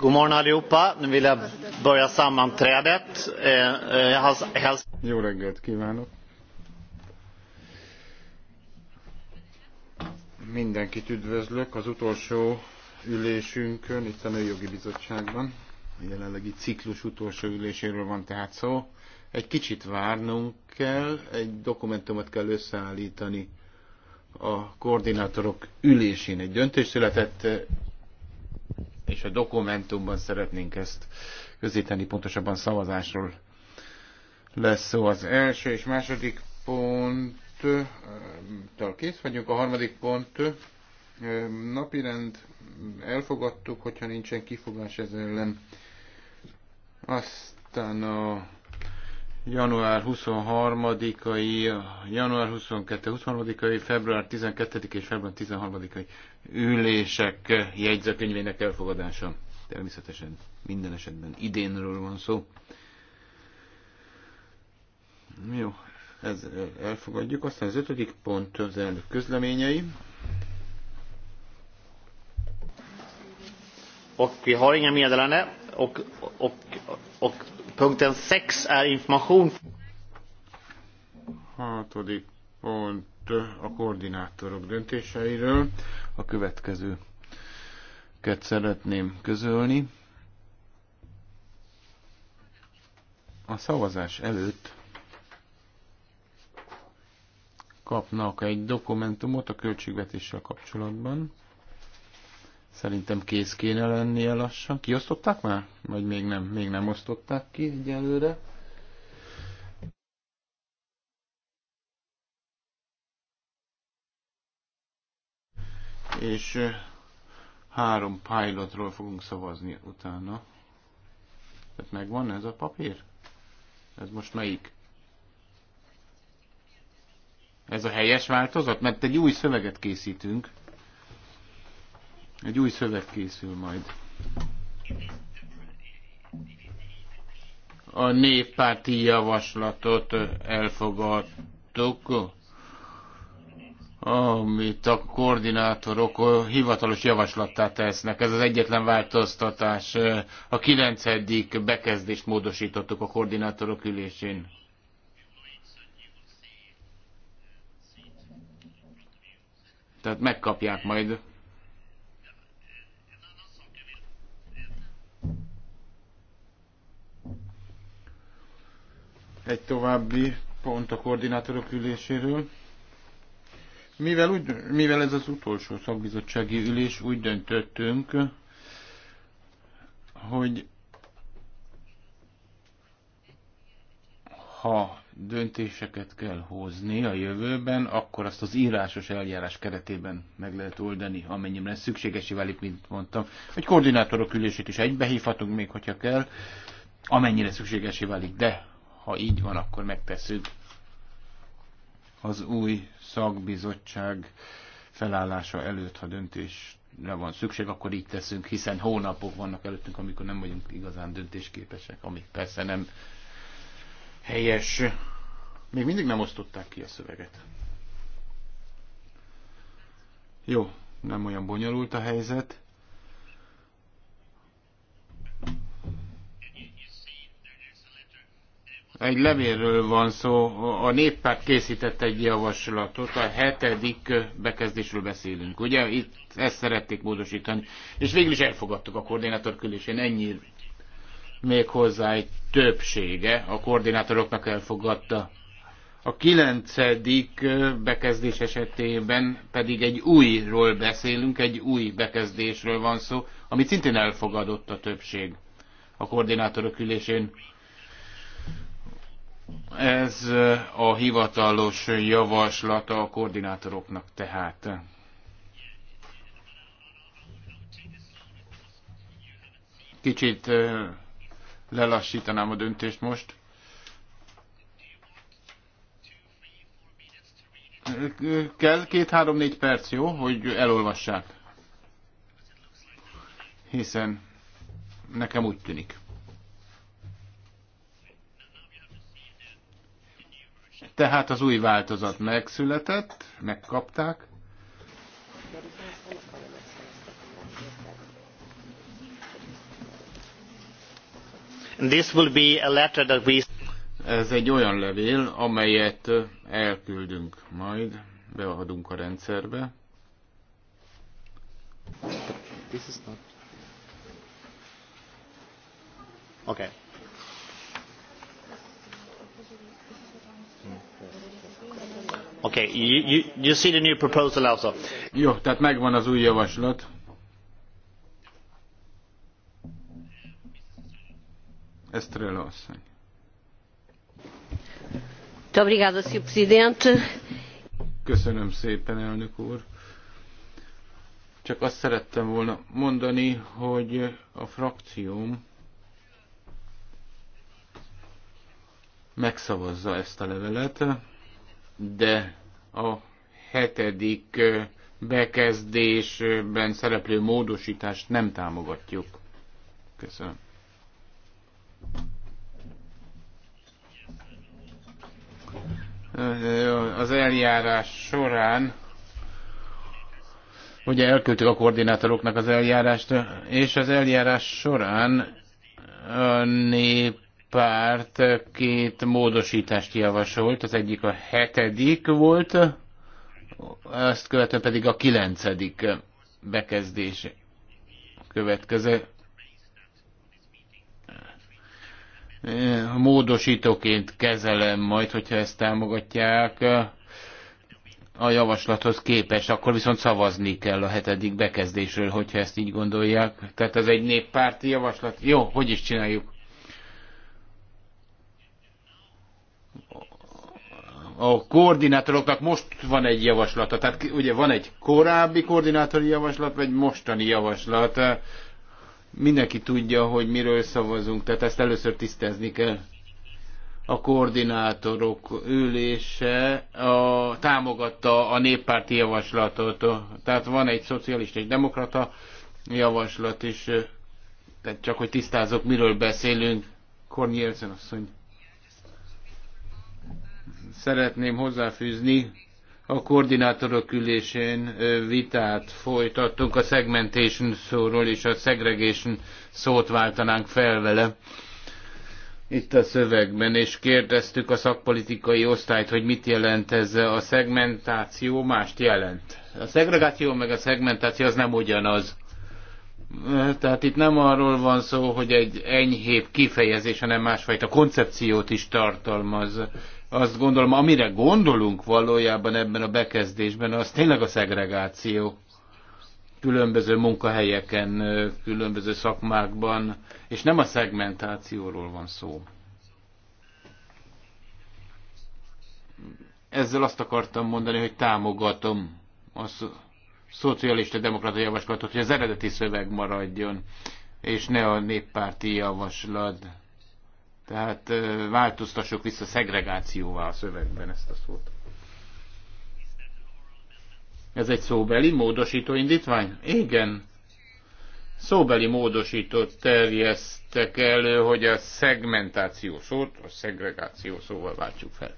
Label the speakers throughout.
Speaker 1: God morgon allihopa. Nu vill jag börja sammanträdet. Jag eh, eh, hälsar... Jó reggelt kívánok. Mindenkit üdvözlök az utolsó ülésünkön, itt a Nőjogi Bizottságban. A jelenlegi ciklus utolsó üléséről van tehát szó. Egy kicsit várnunk kell, egy dokumentumot kell összeállítani a koordinátorok ülésén. Egy döntés született, és a dokumentumban szeretnénk ezt közíteni, pontosabban szavazásról lesz szó az első és második pont, kész vagyunk, a harmadik pont, napirend, elfogadtuk, hogyha nincsen kifogás ez ellen. Aztán a január 23-ai, január 22-23-ai, február 12 és február 13-ai ülések jegyzőkönyvének elfogadása. Természetesen minden esetben idénről van szó. Jó, ez elfogadjuk. Aztán az ötödik pont az elnök közleményei. och vi har inga meddelanden. Och, och, och punkten 6 är information. Hatodik pont a koordinátorok döntéseiről. A következőket szeretném közölni. A szavazás előtt kapnak egy dokumentumot a költségvetéssel kapcsolatban. Szerintem kész kéne lennie lassan. Kiosztották már? Vagy még nem? Még nem osztották ki egyelőre. És három pilotról fogunk szavazni utána. Tehát megvan ez a papír? Ez most melyik? Ez a helyes változat? Mert egy új szöveget készítünk. Egy új szöveg készül majd. A néppárti javaslatot elfogadtuk, amit a koordinátorok hivatalos javaslattá tesznek. Ez az egyetlen változtatás. A kilencedik bekezdést módosítottuk a koordinátorok ülésén. Tehát megkapják majd Egy további pont a koordinátorok üléséről. Mivel, úgy, mivel ez az utolsó szakbizottsági ülés, úgy döntöttünk, hogy ha döntéseket kell hozni a jövőben, akkor azt az írásos eljárás keretében meg lehet oldani, amennyiben ez szükségesé válik, mint mondtam. Egy koordinátorok ülését is egybehívhatunk még, hogyha kell, amennyire szükségesi válik, de ha így van, akkor megteszünk Az új szakbizottság felállása előtt, ha döntésre van szükség, akkor így teszünk, hiszen hónapok vannak előttünk, amikor nem vagyunk igazán döntésképesek, ami persze nem helyes. Még mindig nem osztották ki a szöveget. Jó, nem olyan bonyolult a helyzet. Egy levélről van szó, a néppárt készített egy javaslatot, a hetedik bekezdésről beszélünk. Ugye itt ezt szerették módosítani, és végül is elfogadtuk a koordinátor külésén, ennyi még hozzá egy többsége a koordinátoroknak elfogadta. A kilencedik bekezdés esetében pedig egy újról beszélünk, egy új bekezdésről van szó, amit szintén elfogadott a többség a koordinátorok ülésén. Ez a hivatalos javaslata a koordinátoroknak tehát. Kicsit lelassítanám a döntést most. Kell két-három-négy perc, jó, hogy elolvassák. Hiszen nekem úgy tűnik. Tehát az új változat megszületett, megkapták. This will be a letter that we... Ez egy olyan levél, amelyet elküldünk majd, beadunk a rendszerbe. This is not... Okay. Okay, you, you, you see the new proposal also. Jó, tehát megvan az új javaslat. Estrela asszony.
Speaker 2: Sr. Presidente.
Speaker 1: Köszönöm szépen, elnök úr. Csak azt szerettem volna mondani, hogy a frakcióm megszavazza ezt a levelet de a hetedik bekezdésben szereplő módosítást nem támogatjuk. Köszönöm. Az eljárás során ugye elküldtük a koordinátoroknak az eljárást, és az eljárás során a nép párt két módosítást javasolt, az egyik a hetedik volt, azt követően pedig a kilencedik bekezdés következő. Módosítóként kezelem majd, hogyha ezt támogatják a javaslathoz képes, akkor viszont szavazni kell a hetedik bekezdésről, hogyha ezt így gondolják. Tehát ez egy néppárti javaslat. Jó, hogy is csináljuk? a koordinátoroknak most van egy javaslata. Tehát ugye van egy korábbi koordinátori javaslat, vagy mostani javaslat. Mindenki tudja, hogy miről szavazunk, tehát ezt először tisztázni kell. A koordinátorok ülése a, támogatta a néppárti javaslatot. Tehát van egy szocialista, egy demokrata javaslat is. Tehát csak, hogy tisztázok, miről beszélünk. Jelzen asszony szeretném hozzáfűzni, a koordinátorok ülésén vitát folytattunk a segmentation szóról, és a segregation szót váltanánk fel vele itt a szövegben, és kérdeztük a szakpolitikai osztályt, hogy mit jelent ez a szegmentáció, mást jelent. A szegregáció meg a szegmentáció az nem ugyanaz. Tehát itt nem arról van szó, hogy egy enyhébb kifejezés, hanem másfajta koncepciót is tartalmaz azt gondolom, amire gondolunk valójában ebben a bekezdésben, az tényleg a szegregáció különböző munkahelyeken, különböző szakmákban, és nem a szegmentációról van szó. Ezzel azt akartam mondani, hogy támogatom a szocialista demokrata javaslatot, hogy az eredeti szöveg maradjon, és ne a néppárti javaslat tehát változtassuk vissza szegregációval a szövegben ezt a szót. Ez egy szóbeli módosító indítvány? Igen. Szóbeli módosítót terjesztek elő, hogy a szegmentáció szót a szegregáció szóval váltsuk fel.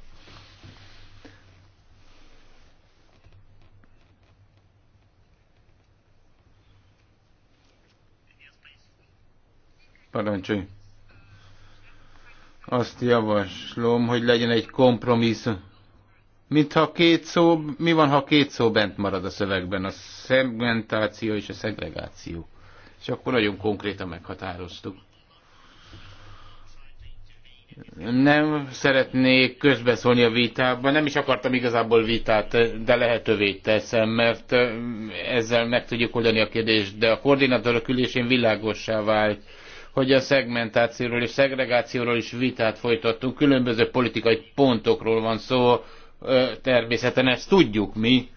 Speaker 1: Parancsolj. Azt javaslom, hogy legyen egy kompromisszum. Mint ha két szó, mi van, ha két szó bent marad a szövegben? A szegmentáció és a szegregáció. És akkor nagyon konkrétan meghatároztuk. Nem szeretnék közbeszólni a vitába, nem is akartam igazából vitát, de lehetővé teszem, mert ezzel meg tudjuk oldani a kérdést, de a koordinátorok ülésén világossá vált, hogy a szegmentációról és szegregációról is vitát folytattunk, különböző politikai pontokról van szó, természeten ezt tudjuk mi.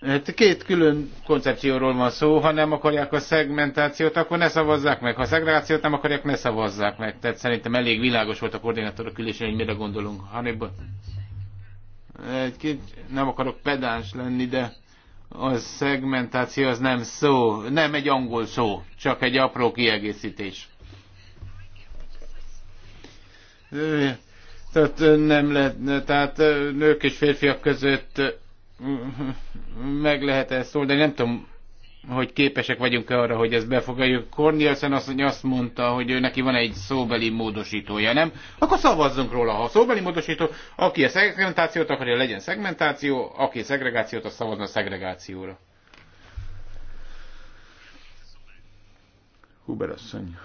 Speaker 1: Hát két külön koncepcióról van szó, ha nem akarják a szegmentációt, akkor ne szavazzák meg. Ha a szegregációt nem akarják, ne szavazzák meg. Tehát szerintem elég világos volt a koordinátorok ülésén, hogy mire gondolunk. Hannibal? Egy kicsit nem akarok pedáns lenni, de a szegmentáció az nem szó, nem egy angol szó, csak egy apró kiegészítés. Tehát nem lehet, tehát nők és férfiak között meg lehet ezt de nem tudom, hogy képesek vagyunk-e arra, hogy ezt befogadjuk. Cornielsen azt, hogy azt mondta, hogy ő neki van egy szóbeli módosítója, nem? Akkor szavazzunk róla. Ha a szóbeli módosító, aki a szegmentációt akarja, legyen szegmentáció, aki a szegregációt, az szavazna a szegregációra. Huber asszony.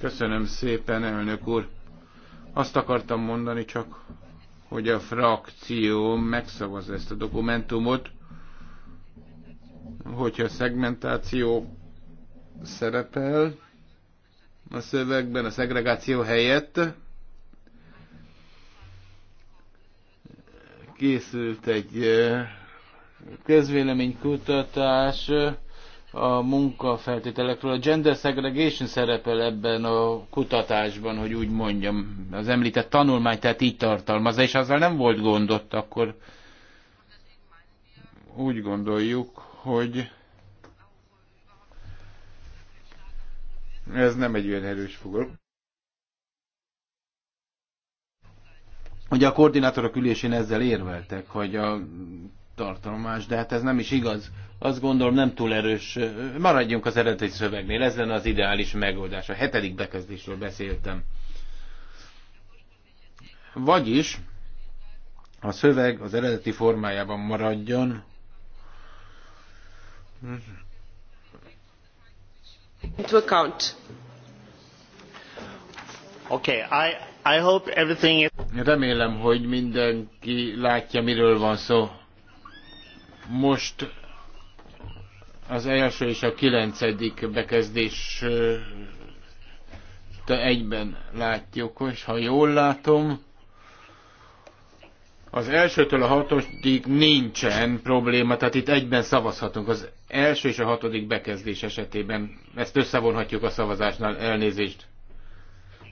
Speaker 1: Köszönöm szépen, elnök úr. Azt akartam mondani csak, hogy a frakció megszavaz ezt a dokumentumot, hogyha szegmentáció szerepel a szövegben, a szegregáció helyett, készült egy eh, közvéleménykutatás, kutatás, a munkafeltételekről. A gender segregation szerepel ebben a kutatásban, hogy úgy mondjam. Az említett tanulmány tehát így tartalmazza, és azzal nem volt gond akkor úgy gondoljuk, hogy ez nem egy olyan erős fogalom. Ugye a koordinátorok ülésén ezzel érveltek, hogy a tartalmás, de hát ez nem is igaz. Azt gondolom nem túl erős. Maradjunk az eredeti szövegnél, ez lenne az ideális megoldás. A hetedik bekezdésről beszéltem. Vagyis a szöveg az eredeti formájában maradjon.
Speaker 2: Into account.
Speaker 1: Okay, I, I hope everything is... Remélem, hogy mindenki látja, miről van szó most az első és a kilencedik bekezdés te egyben látjuk, és ha jól látom, az elsőtől a hatodik nincsen probléma, tehát itt egyben szavazhatunk. Az első és a hatodik bekezdés esetében ezt összevonhatjuk a szavazásnál, elnézést.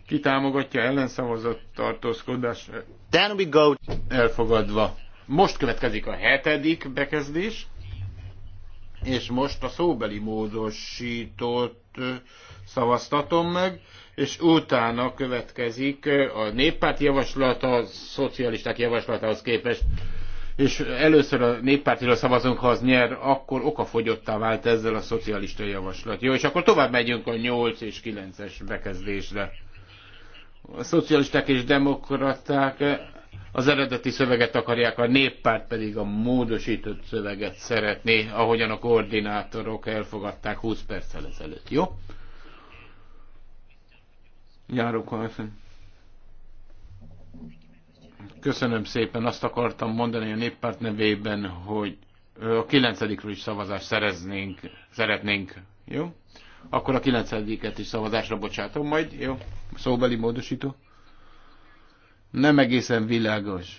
Speaker 1: Ki támogatja ellenszavazott tartózkodás? Then we go. Elfogadva. Most következik a hetedik bekezdés, és most a szóbeli módosítót szavaztatom meg, és utána következik a néppárt javaslata, a szocialisták javaslatához képest. És először a néppártira szavazunk, ha az nyer, akkor okafogyottá vált ezzel a szocialista javaslat. Jó, és akkor tovább megyünk a 8 és 9-es bekezdésre. A szocialisták és demokraták az eredeti szöveget akarják, a néppárt pedig a módosított szöveget szeretné, ahogyan a koordinátorok elfogadták 20 perccel ezelőtt. Jó? Járok Köszönöm szépen. Azt akartam mondani a néppárt nevében, hogy a kilencedikről is szavazást szereznénk, szeretnénk. Jó? Akkor a kilencediket is szavazásra bocsátom majd. Jó? Szóbeli módosító nem egészen világos.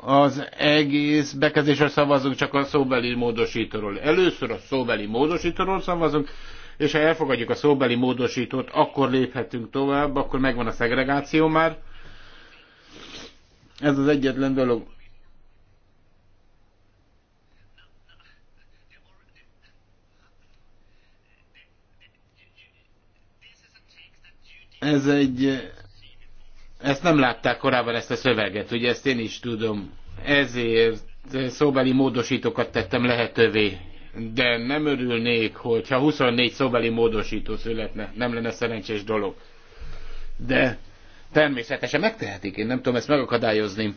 Speaker 1: Az egész bekezésre szavazunk, csak a szóbeli módosítóról. Először a szóbeli módosítóról szavazunk, és ha elfogadjuk a szóbeli módosítót, akkor léphetünk tovább, akkor megvan a szegregáció már. Ez az egyetlen dolog. Ez egy ezt nem látták korábban ezt a szöveget, ugye ezt én is tudom. Ezért szóbeli módosítókat tettem lehetővé. De nem örülnék, hogyha 24 szóbeli módosító születne. Nem lenne szerencsés dolog. De természetesen megtehetik, én nem tudom ezt megakadályozni.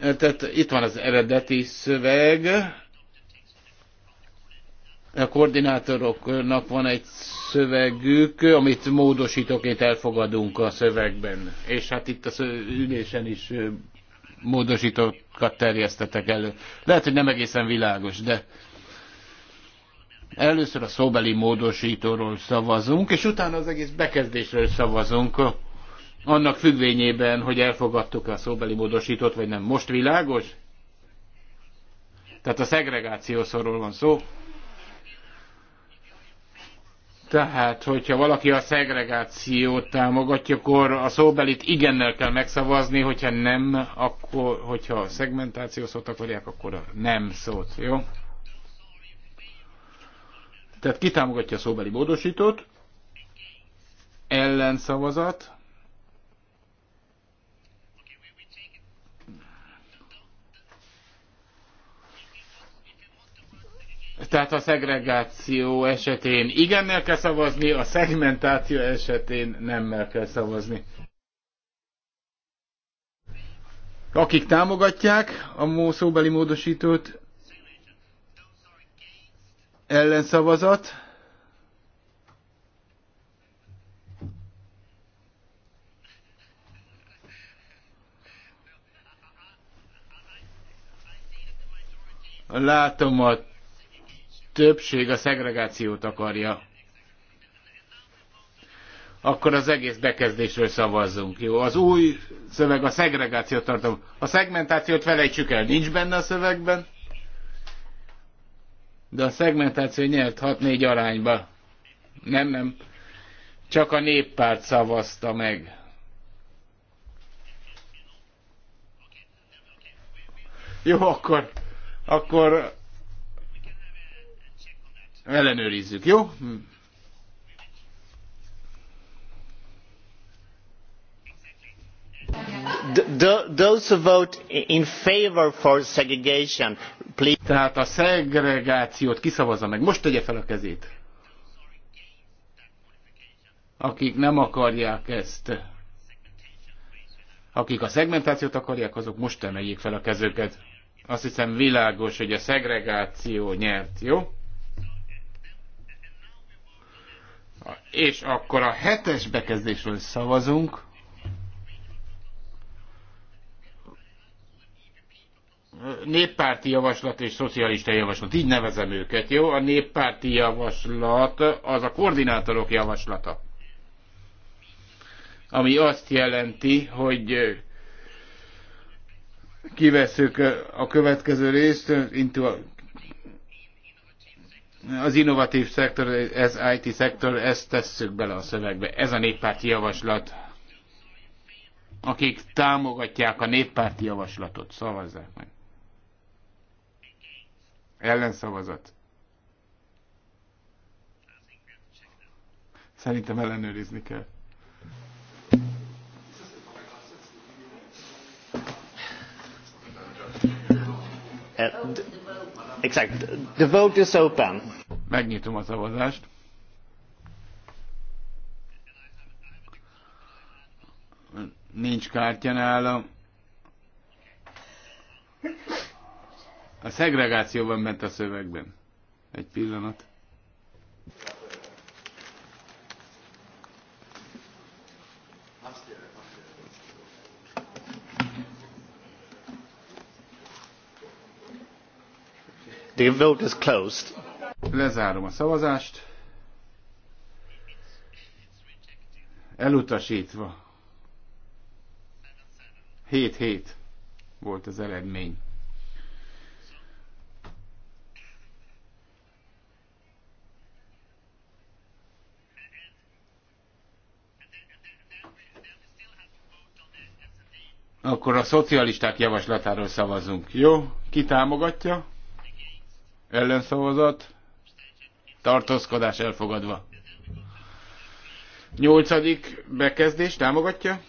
Speaker 1: Tehát itt van az eredeti szöveg. A koordinátoroknak van egy szövegük, amit itt elfogadunk a szövegben. És hát itt a ülésen is módosítókat terjesztetek elő. Lehet, hogy nem egészen világos, de először a szóbeli módosítóról szavazunk, és utána az egész bekezdésről szavazunk, annak függvényében, hogy elfogadtuk a szóbeli módosítót, vagy nem. Most világos? Tehát a szegregációszorról van szó. Tehát, hogyha valaki a szegregációt támogatja, akkor a szóbelit igennel kell megszavazni, hogyha nem, akkor, hogyha a szegmentáció szót akarják, akkor a nem szót, jó? Tehát ki támogatja a szóbeli módosítót? Ellenszavazat. Tehát a szegregáció esetén igennel kell szavazni, a szegmentáció esetén nemmel kell szavazni. Akik támogatják a szóbeli módosítót, ellenszavazat, látom a többség a szegregációt akarja, akkor az egész bekezdésről szavazzunk. Jó, az új szöveg a szegregációt tartom. A szegmentációt felejtsük el, nincs benne a szövegben, de a szegmentáció nyert 6-4 arányba. Nem, nem. Csak a néppárt szavazta meg. Jó, akkor, akkor Ellenőrizzük, jó? those who vote in favor for segregation, please. Tehát a szegregációt kiszavazza meg. Most tegye fel a kezét. Akik nem akarják ezt, akik a szegmentációt akarják, azok most emeljék fel a kezüket. Azt hiszem világos, hogy a szegregáció nyert, jó? És akkor a hetes bekezdésről szavazunk. néppárti javaslat és szocialista javaslat, így nevezem őket, jó? A néppárti javaslat az a koordinátorok javaslata. Ami azt jelenti, hogy kiveszük a következő részt, into a az innovatív szektor, ez IT szektor, ezt tesszük bele a szövegbe. Ez a néppárti javaslat. Akik támogatják a néppárti javaslatot, szavazzák meg. Ellenszavazat. Szerintem ellenőrizni kell. And The vote is open. Megnyitom a szavazást. Nincs kártya nálam. A szegregáció van bent a szövegben. Egy pillanat. The vote is closed. Lezárom a szavazást. Elutasítva. 7-7 volt az eredmény. Akkor a szocialisták javaslatáról szavazunk. Jó? Ki támogatja? ellenszavazat, tartózkodás elfogadva. Nyolcadik bekezdés támogatja,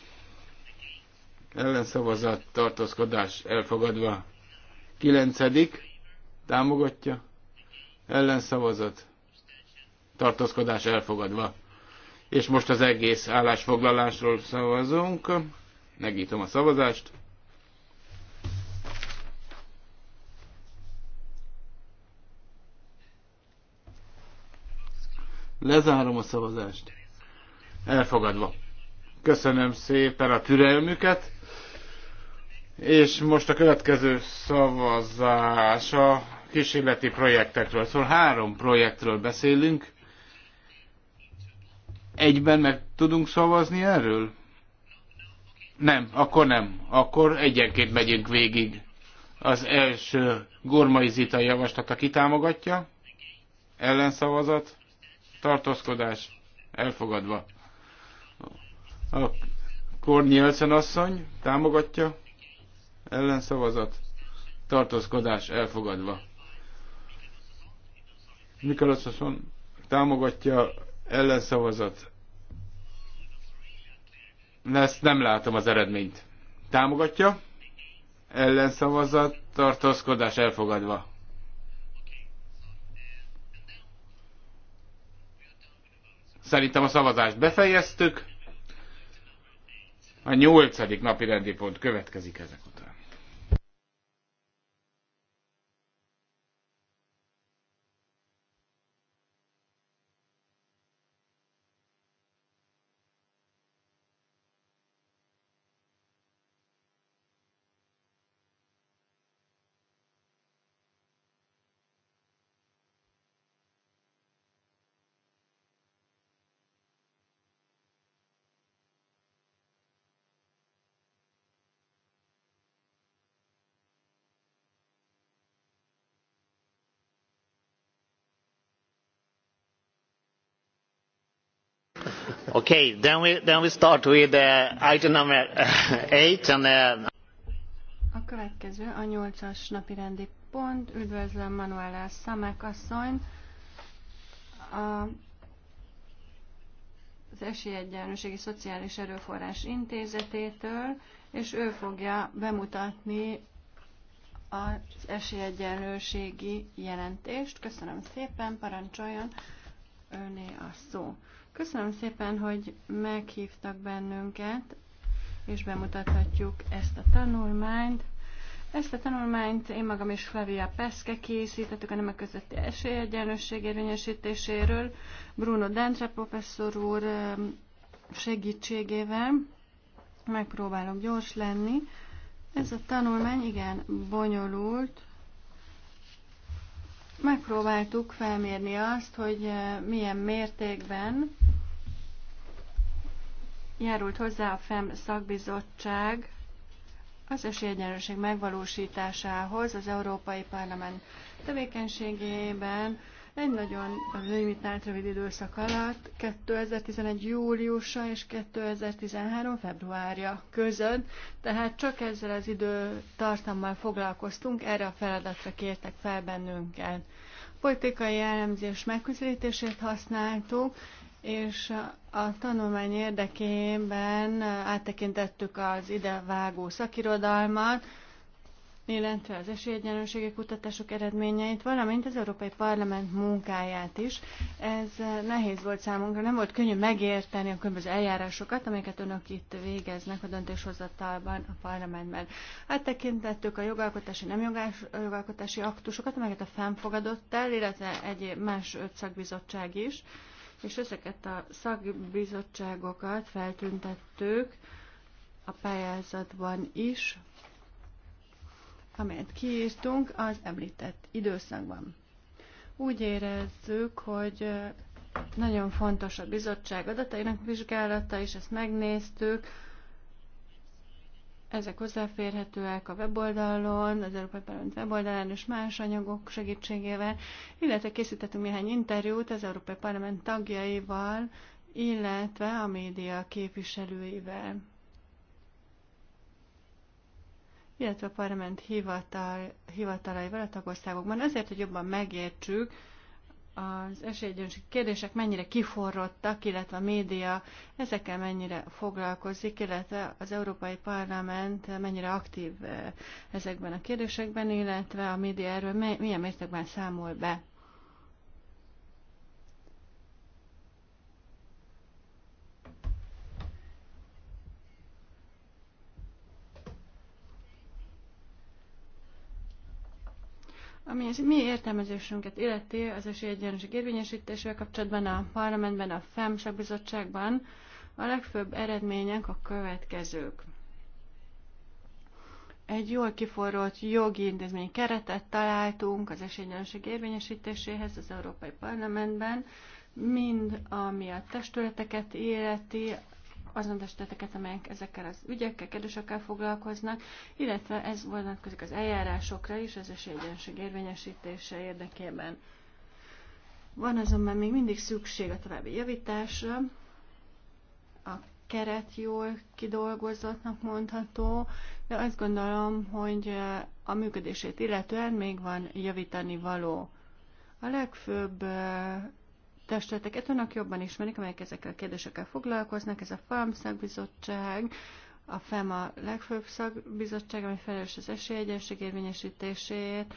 Speaker 1: ellenszavazat, tartózkodás elfogadva. Kilencedik támogatja, ellenszavazat, tartózkodás elfogadva. És most az egész állásfoglalásról szavazunk. Megítom a szavazást. Lezárom a szavazást. Elfogadva. Köszönöm szépen a türelmüket. És most a következő szavazás a kísérleti projektekről. Szóval három projektről beszélünk. Egyben meg tudunk szavazni erről? Nem, akkor nem. Akkor egyenként megyünk végig. Az első Gormai Zita javaslata kitámogatja. Ellenszavazat tartózkodás elfogadva. A Kornyelsen asszony támogatja, ellenszavazat, tartózkodás elfogadva. asszony támogatja, ellenszavazat. Ezt nem látom az eredményt. Támogatja, ellenszavazat, tartózkodás elfogadva. Szerintem a szavazást befejeztük. A nyolcadik napi rendi pont következik ezek után.
Speaker 3: Okay, then we, then we start with uh, item number uh, eight
Speaker 1: and then... Uh,
Speaker 4: a következő, a nyolcas napi rendi pont. Üdvözlöm Manuela Szamek asszony. A az Esélyegyenlőségi Szociális Erőforrás Intézetétől, és ő fogja bemutatni az esélyegyenlőségi jelentést. Köszönöm szépen, parancsoljon, öné a szó. Köszönöm szépen, hogy meghívtak bennünket, és bemutathatjuk ezt a tanulmányt. Ezt a tanulmányt én magam és Flavia Peszke készítettük a nemek közötti esélyegyenlőség érvényesítéséről, Bruno Dentre professzor úr um, segítségével. Megpróbálok gyors lenni. Ez a tanulmány igen bonyolult, Megpróbáltuk felmérni azt, hogy eh, milyen mértékben járult hozzá a FEM szakbizottság az esélyegyenlőség megvalósításához az Európai Parlament tevékenységében, egy nagyon limitált rövid időszak alatt, 2011. júliusa és 2013. februárja között, tehát csak ezzel az időtartammal foglalkoztunk, erre a feladatra kértek fel bennünket. Politikai elemzés megközelítését használtuk, és a tanulmány érdekében áttekintettük az idevágó szakirodalmat, illetve az esélyegyenlőségi kutatások eredményeit, valamint az Európai Parlament munkáját is. Ez eh, nehéz volt számunkra, nem volt könnyű megérteni a különböző eljárásokat, amelyeket önök itt végeznek a döntéshozatalban a parlamentben. tekintettük a jogalkotási, nem jogás, eh, jogalkotási aktusokat, amelyeket a FEM fogadott el, illetve egy más öt szakbizottság is, és ezeket a szakbizottságokat feltüntettük a pályázatban is, amelyet kiírtunk az említett időszakban. Úgy érezzük, hogy nagyon fontos a bizottság adatainak vizsgálata, és ezt megnéztük. Ezek hozzáférhetőek a weboldalon, az Európai Parlament weboldalán és más anyagok segítségével, illetve készítettünk néhány interjút az Európai Parlament tagjaival, illetve a média képviselőivel illetve a parlament hivatal, hivatalaival a tagországokban, azért, hogy jobban megértsük az esélyegyenlőség kérdések mennyire kiforrottak, illetve a média ezekkel mennyire foglalkozik, illetve az Európai Parlament mennyire aktív eh, ezekben a kérdésekben, illetve a média erről milyen mértékben számol be. Ami az mi értelmezésünket illeti az esélyegyenlőség érvényesítésével kapcsolatban a parlamentben, a FEMSAK bizottságban a legfőbb eredmények a következők. Egy jól kiforrott jogi intézmény keretet találtunk az esélyegyenlőség érvényesítéséhez az Európai Parlamentben, mind ami a testületeket illeti, azon testületeket, amelyek ezekkel az ügyekkel, kérdésekkel foglalkoznak, illetve ez vonatkozik az eljárásokra is, az esélyegyenség érvényesítése érdekében. Van azonban még mindig szükség a további javításra, a keret jól kidolgozottnak mondható, de azt gondolom, hogy a működését illetően még van javítani való. A legfőbb testületeket önök jobban ismerik, amelyek ezekkel a kérdésekkel foglalkoznak. Ez a FAM szakbizottság, a FEM a legfőbb szakbizottság, ami felelős az esélyegyenség érvényesítéséért,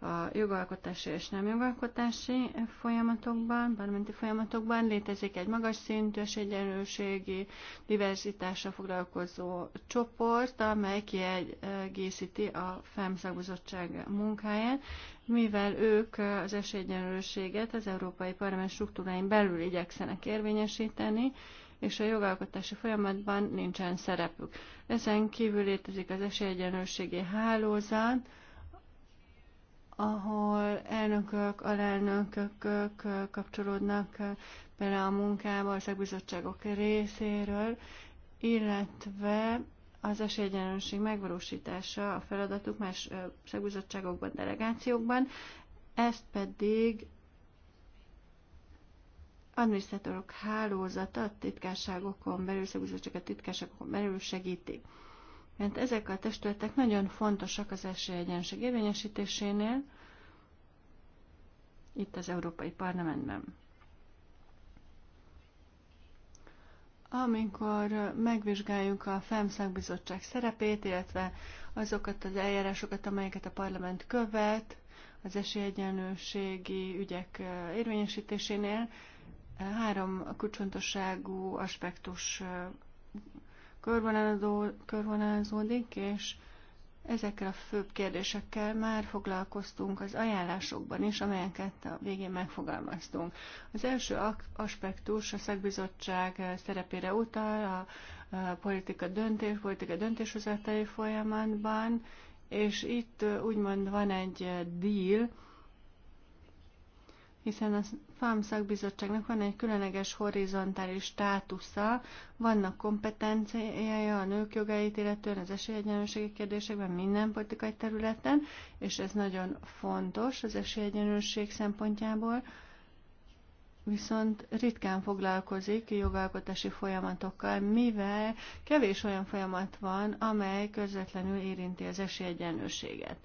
Speaker 4: a jogalkotási és nem jogalkotási folyamatokban, parlamenti folyamatokban létezik egy magas szintű és egyenlőségi diverzitásra foglalkozó csoport, amely kiegészíti a FEM szakbizottság munkáját, mivel ők az esélyegyenlőséget az Európai Parlament struktúráin belül igyekszenek érvényesíteni, és a jogalkotási folyamatban nincsen szerepük. Ezen kívül létezik az esélyegyenlőségi hálózat, ahol elnökök, alelnökök kapcsolódnak bele a munkába a szakbizottságok részéről, illetve az esélyegyenlőség megvalósítása a feladatuk más szakbizottságokban, delegációkban, ezt pedig adminisztrátorok hálózata a titkárságokon belül, szakbizottság a titkárságokon belül segíti mert ezek a testületek nagyon fontosak az esélyegyenség érvényesítésénél, itt az Európai Parlamentben. amikor megvizsgáljuk a FEM szakbizottság szerepét, illetve azokat az eljárásokat, amelyeket a parlament követ az esélyegyenlőségi ügyek érvényesítésénél, három kulcsontosságú aspektus körvonalazódik, és ezekkel a főbb kérdésekkel már foglalkoztunk az ajánlásokban is, amelyeket a végén megfogalmaztunk. Az első aspektus a szakbizottság szerepére utal a politika döntés, politika döntéshozatai folyamatban, és itt úgymond van egy deal, hiszen a FAM szakbizottságnak van egy különleges horizontális státusza, vannak kompetenciája a nők jogait, illetően az esélyegyenlőségi kérdésekben minden politikai területen, és ez nagyon fontos az esélyegyenlőség szempontjából, viszont ritkán foglalkozik jogalkotási folyamatokkal, mivel kevés olyan folyamat van, amely közvetlenül érinti az esélyegyenlőséget.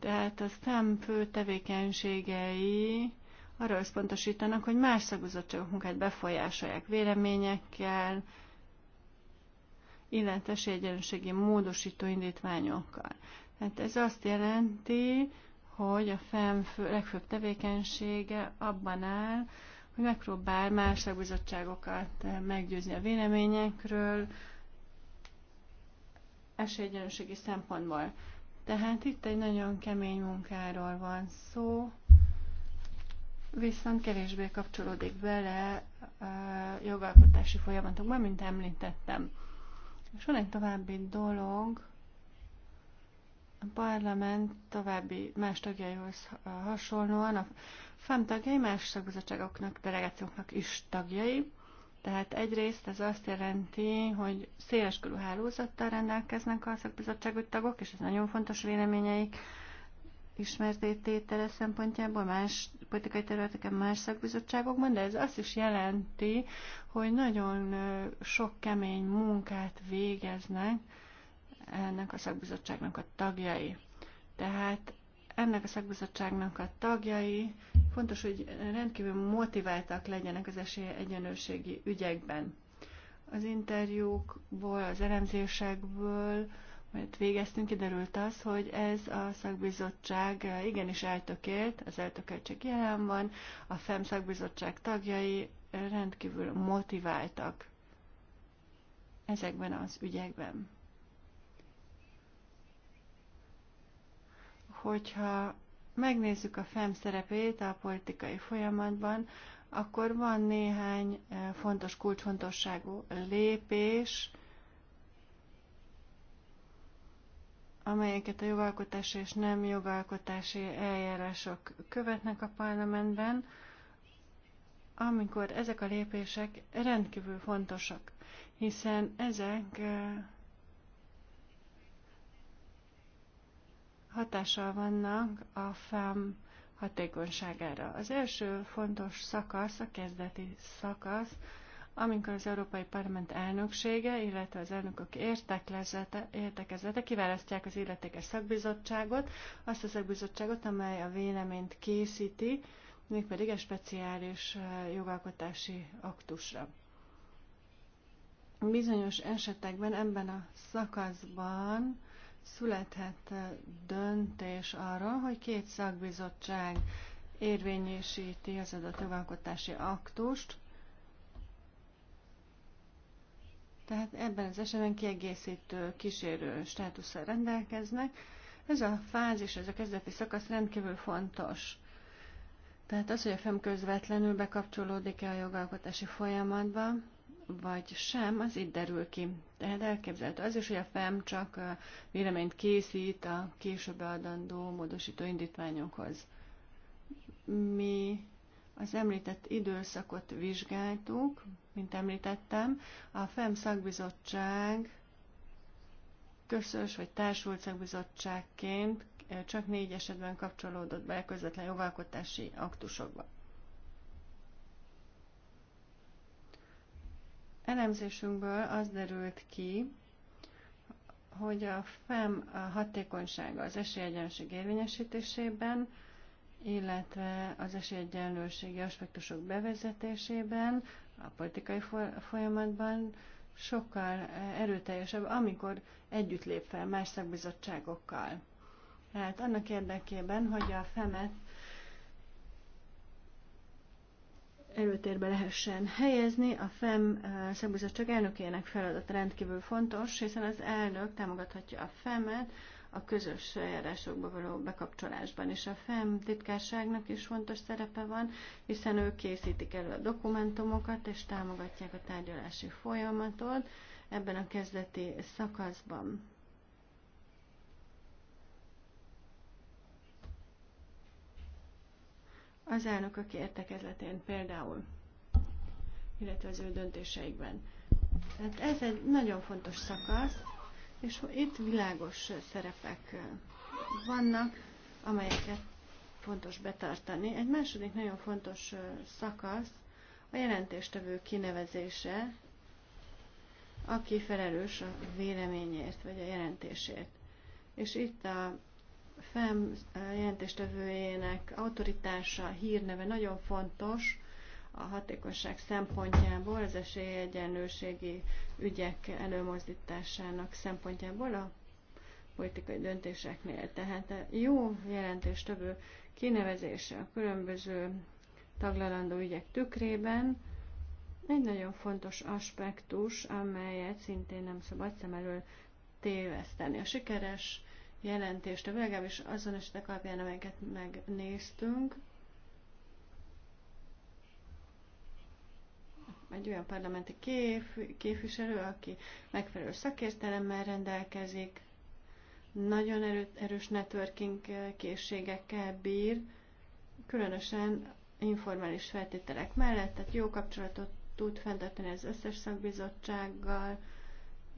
Speaker 4: Tehát a szem fő tevékenységei arra összpontosítanak, hogy más szakbizottságok munkát befolyásolják véleményekkel, illetve egyenlőségi módosító indítványokkal. Tehát ez azt jelenti, hogy a FEM fő, legfőbb tevékenysége abban áll, hogy megpróbál más szakbizottságokat meggyőzni a véleményekről, esélyegyenlőségi szempontból. Tehát itt egy nagyon kemény munkáról van szó, viszont kevésbé kapcsolódik bele a jogalkotási folyamatokba, mint említettem. És van egy további dolog, a parlament további más tagjaihoz hasonlóan a FAM tagjai más szakbizottságoknak, delegációknak is tagjai, tehát egyrészt ez azt jelenti, hogy széleskörű hálózattal rendelkeznek a szakbizottságú tagok, és ez nagyon fontos véleményeik ismertététele szempontjából más politikai területeken, más szakbizottságokban, de ez azt is jelenti, hogy nagyon sok kemény munkát végeznek ennek a szakbizottságnak a tagjai. Tehát ennek a szakbizottságnak a tagjai fontos, hogy rendkívül motiváltak legyenek az egyenlőségi ügyekben. Az interjúkból, az elemzésekből, mert végeztünk, kiderült az, hogy ez a szakbizottság igenis eltökélt, az eltökéltség jelen van, a FEM szakbizottság tagjai rendkívül motiváltak ezekben az ügyekben. hogyha megnézzük a FEM szerepét a politikai folyamatban, akkor van néhány eh, fontos kulcsfontosságú eh, lépés, amelyeket a jogalkotási és nem jogalkotási eljárások követnek a parlamentben, amikor ezek a lépések rendkívül fontosak, hiszen ezek eh, hatással vannak a fám hatékonyságára. Az első fontos szakasz, a kezdeti szakasz, amikor az Európai Parlament elnöksége, illetve az elnökök értekezete kiválasztják az illetékes szakbizottságot, azt a szakbizottságot, amely a véleményt készíti, mégpedig egy speciális eh, jogalkotási aktusra. Bizonyos esetekben ebben a szakaszban születhet döntés arról, hogy két szakbizottság érvényesíti az adott jogalkotási aktust, tehát ebben az esetben kiegészítő kísérő státusszal rendelkeznek. Ez a fázis, ez a kezdeti szakasz rendkívül fontos. Tehát az, hogy a FEM közvetlenül bekapcsolódik-e a jogalkotási folyamatba, vagy sem, az itt derül ki. Tehát elképzelhető az is, hogy a FEM csak véleményt készít a később adandó módosító indítványokhoz. Mi az említett időszakot vizsgáltuk, mint említettem, a FEM szakbizottság közös vagy társult szakbizottságként csak négy esetben kapcsolódott be közvetlen jogalkotási aktusokba. Elemzésünkből az derült ki, hogy a FEM a hatékonysága az esélyegyenlőség érvényesítésében, illetve az esélyegyenlőségi aspektusok bevezetésében, a politikai folyamatban sokkal eh, erőteljesebb, amikor együtt lép fel más szakbizottságokkal. Tehát annak érdekében, hogy a FEM-et előtérbe lehessen helyezni. A FEM eh, szakbizottság elnökének feladat rendkívül fontos, hiszen az elnök támogathatja a FEM-et a közös eljárásokba való bekapcsolásban. És a FEM titkárságnak is fontos szerepe van, hiszen ők készítik elő a dokumentumokat és támogatják a tárgyalási folyamatot ebben a kezdeti szakaszban. az elnökök értekezletén például, illetve az ő döntéseikben. Tehát ez egy nagyon fontos szakasz, és itt világos szerepek vannak, amelyeket fontos betartani. Egy második nagyon fontos szakasz a jelentéstevő kinevezése, aki felelős a véleményért vagy a jelentésért. És itt a FEM jelentéstevőjének autoritása, hírneve nagyon fontos a hatékonyság szempontjából, az esélyegyenlőségi ügyek előmozdításának szempontjából a politikai döntéseknél. Tehát a jó jelentéstevő kinevezése a különböző taglalandó ügyek tükrében egy nagyon fontos aspektus, amelyet szintén nem szabad szem elől téveszteni. A sikeres jelentést, de legalábbis azon esetek alapján, amelyeket megnéztünk, egy olyan parlamenti kép, képviselő, aki megfelelő szakértelemmel rendelkezik, nagyon erő, erős networking készségekkel bír, különösen informális feltételek mellett, tehát jó kapcsolatot tud fenntartani az összes szakbizottsággal,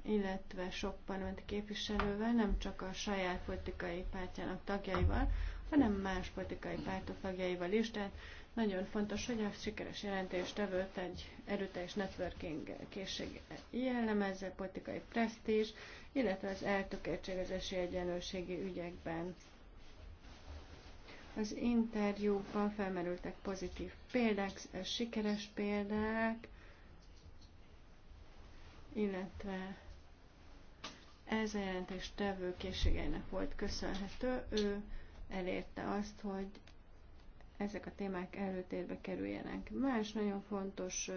Speaker 4: illetve sok parlamenti képviselővel, nem csak a saját politikai pártjának tagjaival, hanem más politikai pártok tagjaival is, tehát nagyon fontos, hogy a sikeres jelentéstevőt egy erőteljes networking készség jellemezze, politikai presztízs, illetve az eltökéltség egyenlőségi ügyekben. Az interjúban felmerültek pozitív példák, sikeres példák, illetve ez a jelentés tevő készségeinek volt köszönhető. Ő elérte azt, hogy ezek a témák előtérbe kerüljenek. Más nagyon fontos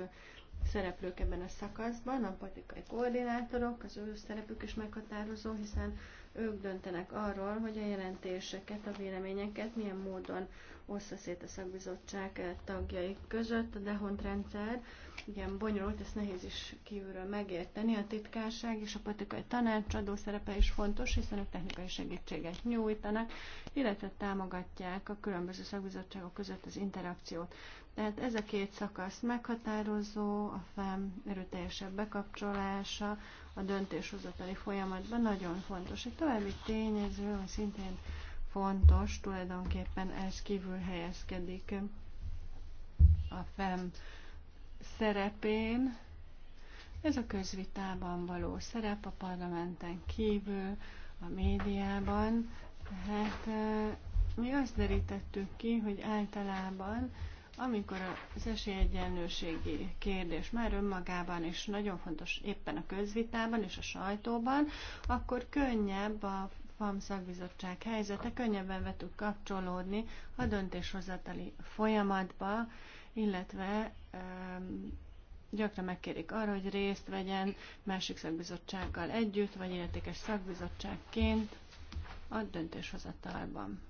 Speaker 4: szereplők ebben a szakaszban, a politikai koordinátorok, az ő szerepük is meghatározó, hiszen ők döntenek arról, hogy a jelentéseket, a véleményeket milyen módon oszta szét a szakbizottság tagjai között. A dehont rendszer igen bonyolult, ezt nehéz is kívülről megérteni. A titkárság és a politikai tanácsadó szerepe is fontos, hiszen ők technikai segítséget nyújtanak, illetve támogatják a különböző szakbizottságok között az interakciót. Tehát ez a két szakasz meghatározó, a FEM erőteljesebb bekapcsolása a döntéshozatali folyamatban nagyon fontos. Egy további tényező, ami szintén fontos, tulajdonképpen ez kívül helyezkedik a FEM szerepén. Ez a közvitában való szerep a parlamenten kívül, a médiában. Tehát eh, mi azt derítettük ki, hogy általában amikor az esélyegyenlőségi kérdés már önmagában is nagyon fontos éppen a közvitában és a sajtóban, akkor könnyebb a FAM szakbizottság helyzete, könnyebben be tud kapcsolódni a döntéshozatali folyamatba, illetve um, gyakran megkérik arra, hogy részt vegyen másik szakbizottsággal együtt, vagy illetékes szakbizottságként a döntéshozatalban.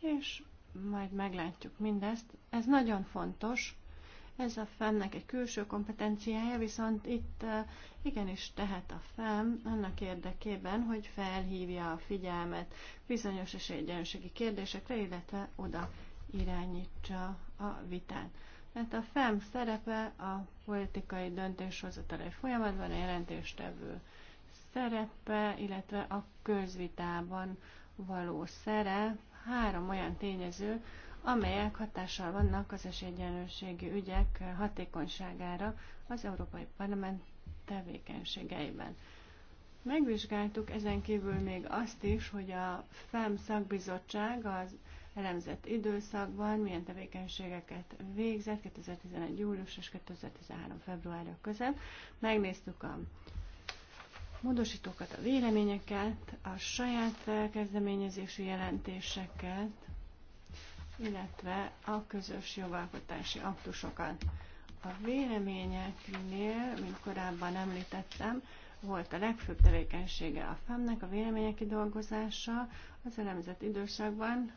Speaker 4: És majd meglátjuk mindezt. Ez nagyon fontos, ez a FEM-nek egy külső kompetenciája, viszont itt eh, igenis tehet a FEM annak érdekében, hogy felhívja a figyelmet bizonyos egyenlőségi kérdésekre, illetve oda irányítsa a vitát. Mert hát a FEM szerepe a politikai egy folyamatban a jelentéstevő szerepe, illetve a közvitában való szerep, három olyan tényező, amelyek hatással vannak az esélyegyenlőségi ügyek hatékonyságára az Európai Parlament tevékenységeiben. Megvizsgáltuk ezen kívül még azt is, hogy a FEM szakbizottság az elemzett időszakban milyen tevékenységeket végzett 2011. július és 2013. február között. Megnéztük a módosítókat, a véleményeket, a saját kezdeményezésű jelentéseket, illetve a közös jogalkotási aktusokat. A véleményeknél, mint korábban említettem, volt a legfőbb tevékenysége a FEM-nek, a vélemények kidolgozása az elemzett időszakban.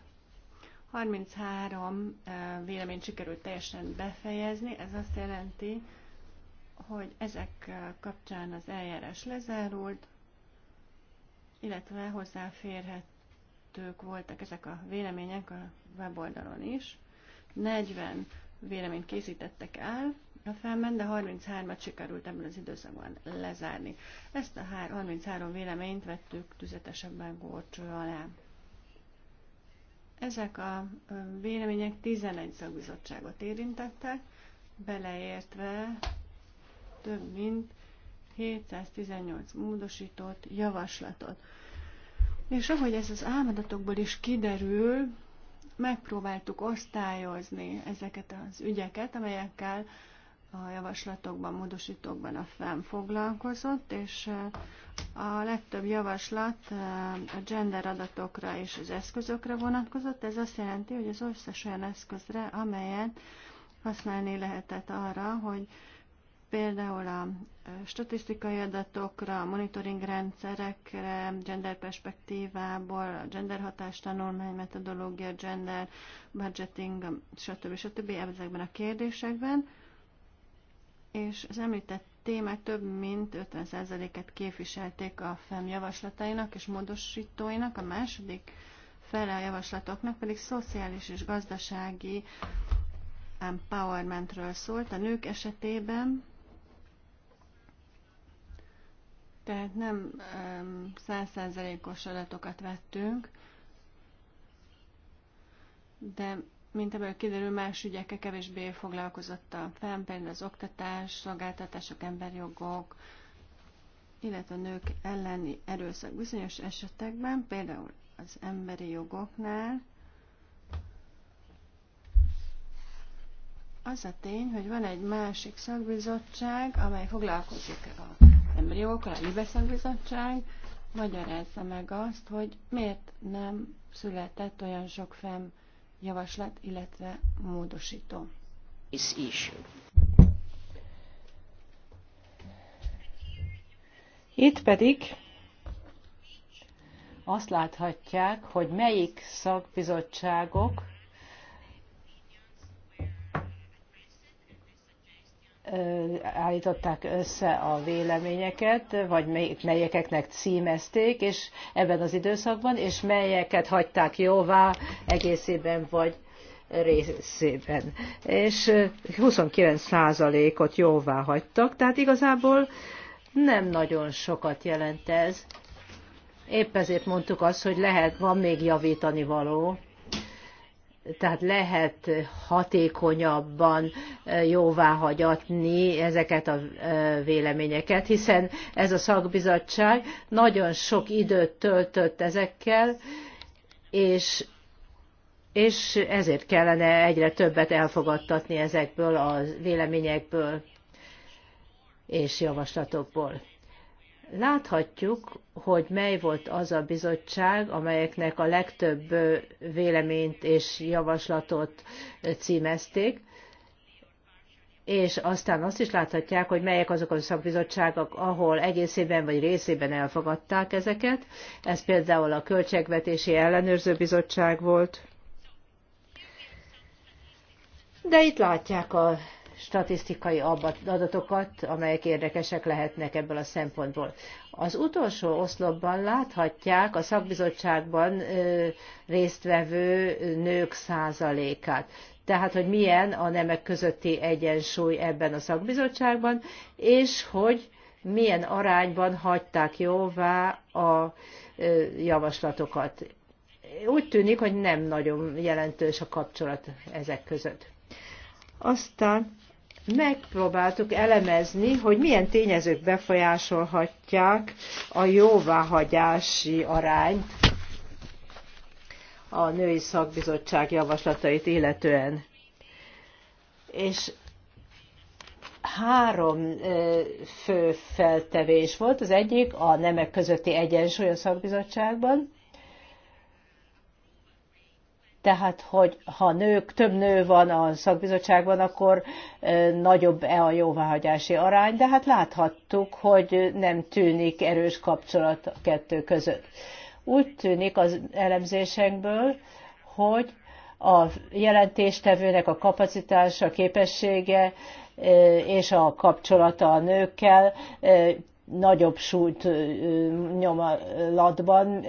Speaker 4: 33 eh, véleményt sikerült teljesen befejezni, ez azt jelenti, hogy ezek kapcsán az eljárás lezárult, illetve hozzáférhetők voltak ezek a vélemények a weboldalon is. 40 véleményt készítettek el a felmen, de 33-at sikerült ebben az időszakban lezárni. Ezt a 33 véleményt vettük tüzetesebben górcső alá. Ezek a vélemények 11 szakbizottságot érintettek, beleértve több mint 718 módosított javaslatot. És ahogy ez az álmodatokból is kiderül, megpróbáltuk osztályozni ezeket az ügyeket, amelyekkel a javaslatokban, módosítókban a FEM foglalkozott, és eh, a legtöbb javaslat eh, a gender adatokra és az eszközökre vonatkozott. Ez azt jelenti, hogy az összes olyan eszközre, amelyet használni lehetett arra, hogy például a statisztikai adatokra, a monitoring rendszerekre, gender perspektívából, a gender hatástanulmány, metodológia, gender budgeting, stb. stb. ezekben a kérdésekben. És az említett témák több mint 50%-et képviselték a FEM javaslatainak és módosítóinak, a második fele a javaslatoknak pedig szociális és gazdasági empowermentről szólt a nők esetében, Tehát nem százszerzelékos adatokat vettünk, de mint ebből kiderül, más ügyekkel kevésbé foglalkozott a FEM, például az oktatás, szolgáltatások, emberjogok, illetve a nők elleni erőszak bizonyos esetekben, például az emberi jogoknál, az a tény, hogy van egy másik szakbizottság, amely foglalkozik a emberi jogokkal, a Libeszakbizottság magyarázza meg azt, hogy miért nem született olyan sok fem javaslat, illetve módosító.
Speaker 2: Is issue. Itt pedig azt láthatják, hogy melyik szakbizottságok állították össze a véleményeket, vagy melyekeknek címezték, és ebben az időszakban, és melyeket hagyták jóvá egészében vagy részében. És 29%-ot jóvá hagytak, tehát igazából nem nagyon sokat jelent ez. Épp ezért mondtuk azt, hogy lehet, van még javítani való tehát lehet hatékonyabban jóváhagyatni ezeket a véleményeket, hiszen ez a szakbizottság nagyon sok időt töltött ezekkel, és, és ezért kellene egyre többet elfogadtatni ezekből a véleményekből és javaslatokból. Láthatjuk, hogy mely volt az a bizottság, amelyeknek a legtöbb véleményt és javaslatot címezték, és aztán azt is láthatják, hogy melyek azok a szakbizottságok, ahol egészében vagy részében elfogadták ezeket. Ez például a Költségvetési Ellenőrző Bizottság volt. De itt látják a statisztikai adatokat, amelyek érdekesek lehetnek ebből a szempontból. Az utolsó oszlopban láthatják a szakbizottságban résztvevő nők százalékát. Tehát, hogy milyen a nemek közötti egyensúly ebben a szakbizottságban, és hogy milyen arányban hagyták jóvá a javaslatokat. Úgy tűnik, hogy nem nagyon jelentős a kapcsolat ezek között. Aztán megpróbáltuk elemezni, hogy milyen tényezők befolyásolhatják a jóváhagyási arányt a női szakbizottság javaslatait illetően. És három fő feltevés volt. Az egyik a nemek közötti egyensúly a szakbizottságban, tehát hogy ha nők, több nő van a szakbizottságban, akkor nagyobb-e a jóváhagyási arány, de hát láthattuk, hogy nem tűnik erős kapcsolat a kettő között. Úgy tűnik az elemzésekből, hogy a jelentéstevőnek a kapacitása, a képessége és a kapcsolata a nőkkel nagyobb súlyt nyomalatban,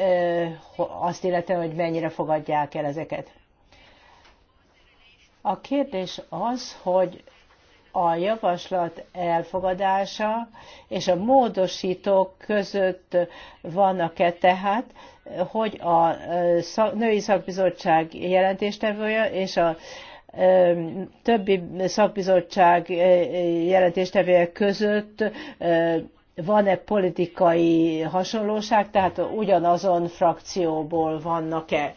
Speaker 2: azt illetve, hogy mennyire fogadják el ezeket. A kérdés az, hogy a javaslat elfogadása és a módosítók között vannak-e tehát, hogy a női szakbizottság jelentéstevője és a többi szakbizottság jelentéstevője között van-e politikai hasonlóság, tehát ugyanazon frakcióból vannak-e.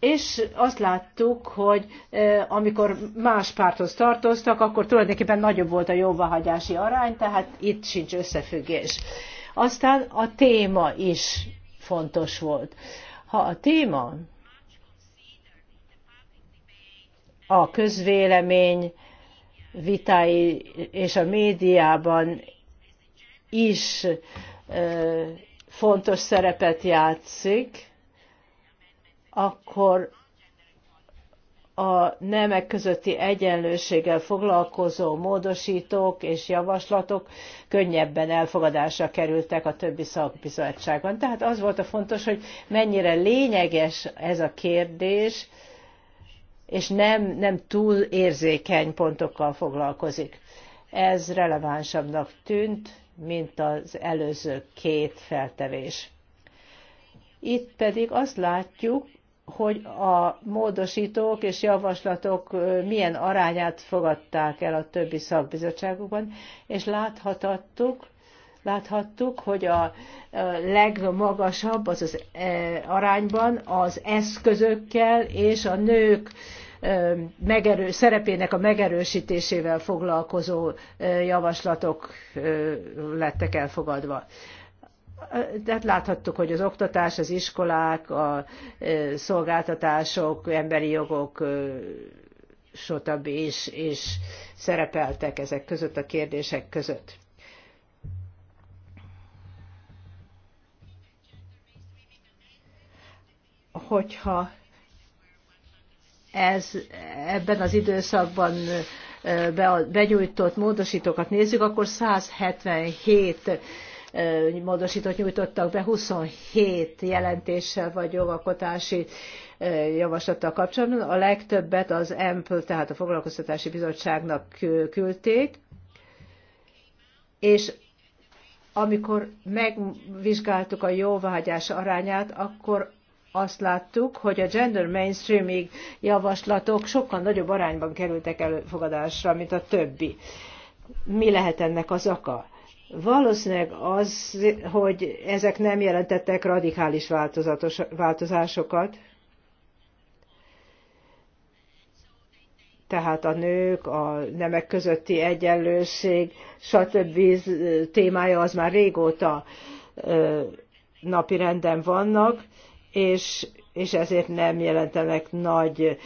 Speaker 2: És azt láttuk, hogy eh, amikor más párthoz tartoztak, akkor tulajdonképpen nagyobb volt a jóváhagyási arány, tehát itt sincs összefüggés. Aztán a téma is fontos volt. Ha a téma a közvélemény, vitái és a médiában is fontos szerepet játszik, akkor a nemek közötti egyenlőséggel foglalkozó módosítók és javaslatok könnyebben elfogadásra kerültek a többi szakbizottságban. Tehát az volt a fontos, hogy mennyire lényeges ez a kérdés, és nem, nem túl érzékeny pontokkal foglalkozik. Ez relevánsabbnak tűnt, mint az előző két feltevés. Itt pedig azt látjuk, hogy a módosítók és javaslatok milyen arányát fogadták el a többi szakbizottságokban, és láthattuk, láthattuk, hogy a legmagasabb az, az arányban az eszközökkel és a nők megerő, szerepének a megerősítésével foglalkozó javaslatok lettek elfogadva. Tehát láthattuk, hogy az oktatás, az iskolák, a szolgáltatások, emberi jogok, stb. is, is szerepeltek ezek között a kérdések között. Hogyha ez, ebben az időszakban be, benyújtott módosítókat nézzük, akkor 177 módosítót nyújtottak be, 27 jelentéssel vagy jogalkotási javaslattal kapcsolatban. A legtöbbet az EMPL, tehát a Foglalkoztatási Bizottságnak küldték, és amikor megvizsgáltuk a jóváhagyás arányát, akkor azt láttuk, hogy a gender mainstreaming javaslatok sokkal nagyobb arányban kerültek előfogadásra, mint a többi. Mi lehet ennek az oka? Valószínűleg az, hogy ezek nem jelentettek radikális változásokat, tehát a nők, a nemek közötti egyenlőség, stb. témája az már régóta napirenden vannak, és, és ezért nem jelentenek nagy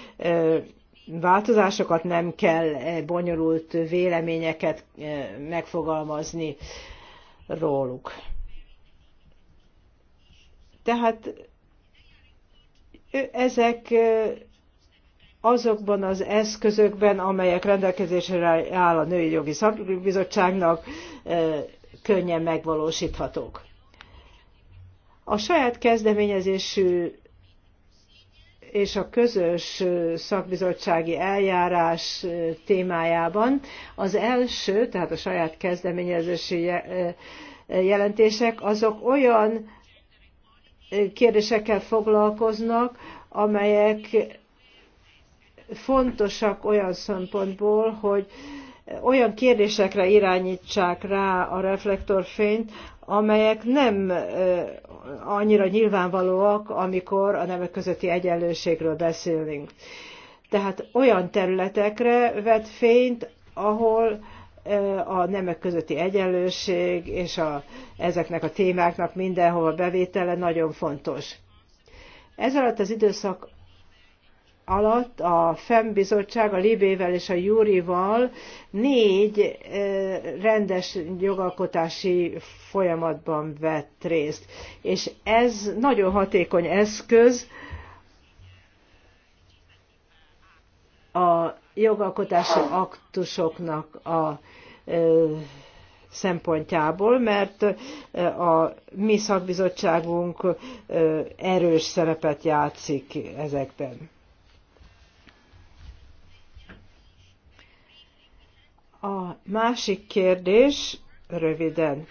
Speaker 2: változásokat, nem kell bonyolult véleményeket megfogalmazni róluk. Tehát ezek azokban az eszközökben, amelyek rendelkezésre áll a Női Jogi Szakbizottságnak, könnyen megvalósíthatók. A saját kezdeményezésű és a közös szakbizottsági eljárás témájában az első, tehát a saját kezdeményezési jelentések, azok olyan kérdésekkel foglalkoznak, amelyek fontosak olyan szempontból, hogy olyan kérdésekre irányítsák rá a reflektorfényt, amelyek nem annyira nyilvánvalóak, amikor a nemek közötti egyenlőségről beszélünk. Tehát olyan területekre vet fényt, ahol e, a nemek közötti egyenlőség és a, ezeknek a témáknak mindenhol bevétele nagyon fontos. Ez alatt az időszak alatt a FEM bizottság a Libével és a Júrival négy eh, rendes jogalkotási folyamatban vett részt. És ez nagyon hatékony eszköz a jogalkotási aktusoknak a eh, szempontjából, mert eh, a mi szakbizottságunk erős szerepet játszik ezekben. A másik kérdés, röviden.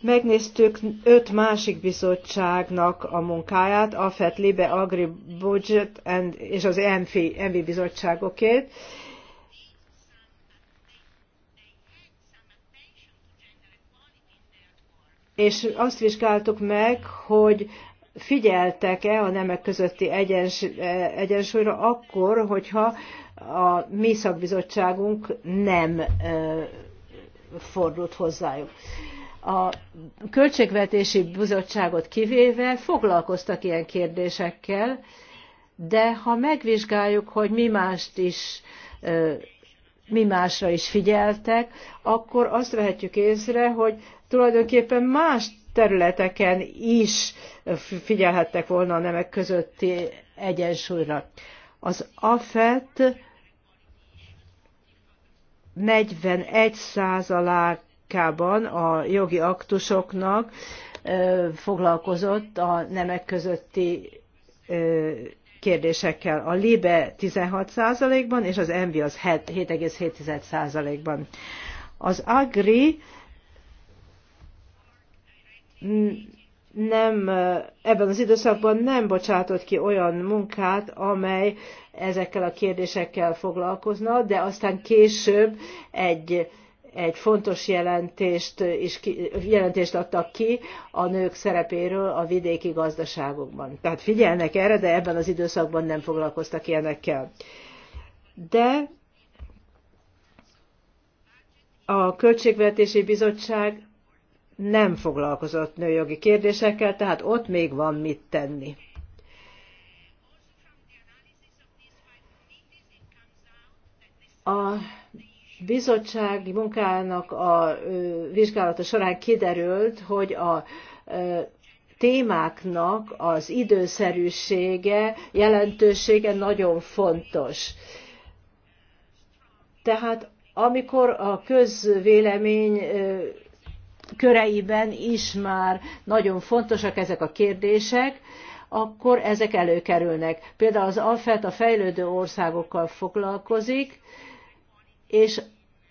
Speaker 2: Megnéztük öt másik bizottságnak a munkáját, a FET, LIBE, Agri, Budget and, és az ENFI, ENFI bizottságokét, és azt vizsgáltuk meg, hogy figyeltek-e a nemek közötti egyens, egyensúlyra akkor, hogyha a mi szakbizottságunk nem fordult hozzájuk. A költségvetési bizottságot kivéve foglalkoztak ilyen kérdésekkel, de ha megvizsgáljuk, hogy mi mást is mi másra is figyeltek, akkor azt vehetjük észre, hogy tulajdonképpen más területeken is figyelhettek volna a nemek közötti egyensúlyra. Az AFET 41 százalákában a jogi aktusoknak foglalkozott a nemek közötti kérdésekkel. A LIBE 16%-ban, és az ENVI az 7,7%-ban. Az AGRI nem, ebben az időszakban nem bocsátott ki olyan munkát, amely ezekkel a kérdésekkel foglalkozna, de aztán később egy, egy fontos jelentést, is ki, jelentést adtak ki a nők szerepéről a vidéki gazdaságokban. Tehát figyelnek erre, de ebben az időszakban nem foglalkoztak ilyenekkel. De a Költségvetési Bizottság nem foglalkozott nőjogi kérdésekkel, tehát ott még van mit tenni. A bizottság munkának a vizsgálata során kiderült, hogy a témáknak az időszerűsége, jelentősége nagyon fontos. Tehát amikor a közvélemény köreiben is már nagyon fontosak ezek a kérdések, akkor ezek előkerülnek. Például az AFET a fejlődő országokkal foglalkozik, és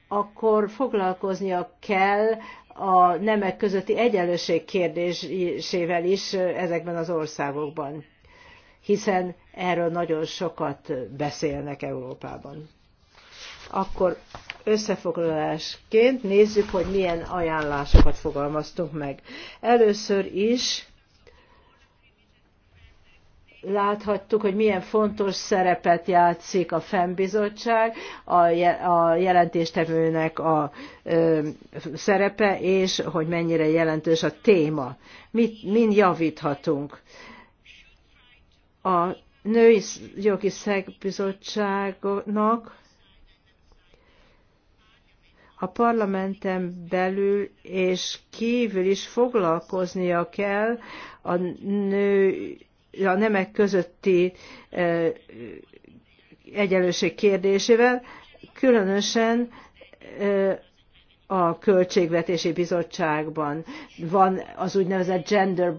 Speaker 2: akkor foglalkoznia kell a nemek közötti egyenlőség kérdésével is ezekben az országokban, hiszen erről nagyon sokat beszélnek Európában. Akkor összefoglalásként nézzük, hogy milyen ajánlásokat fogalmaztunk meg. Először is láthattuk, hogy milyen fontos szerepet játszik a fennbizottság, a jelentéstevőnek a szerepe, és hogy mennyire jelentős a téma. Mit, min javíthatunk? A Női Jogi Szegbizottságnak a parlamenten belül és kívül is foglalkoznia kell a nő a nemek közötti e, egyenlőség kérdésével, különösen e, a Költségvetési Bizottságban van az úgynevezett gender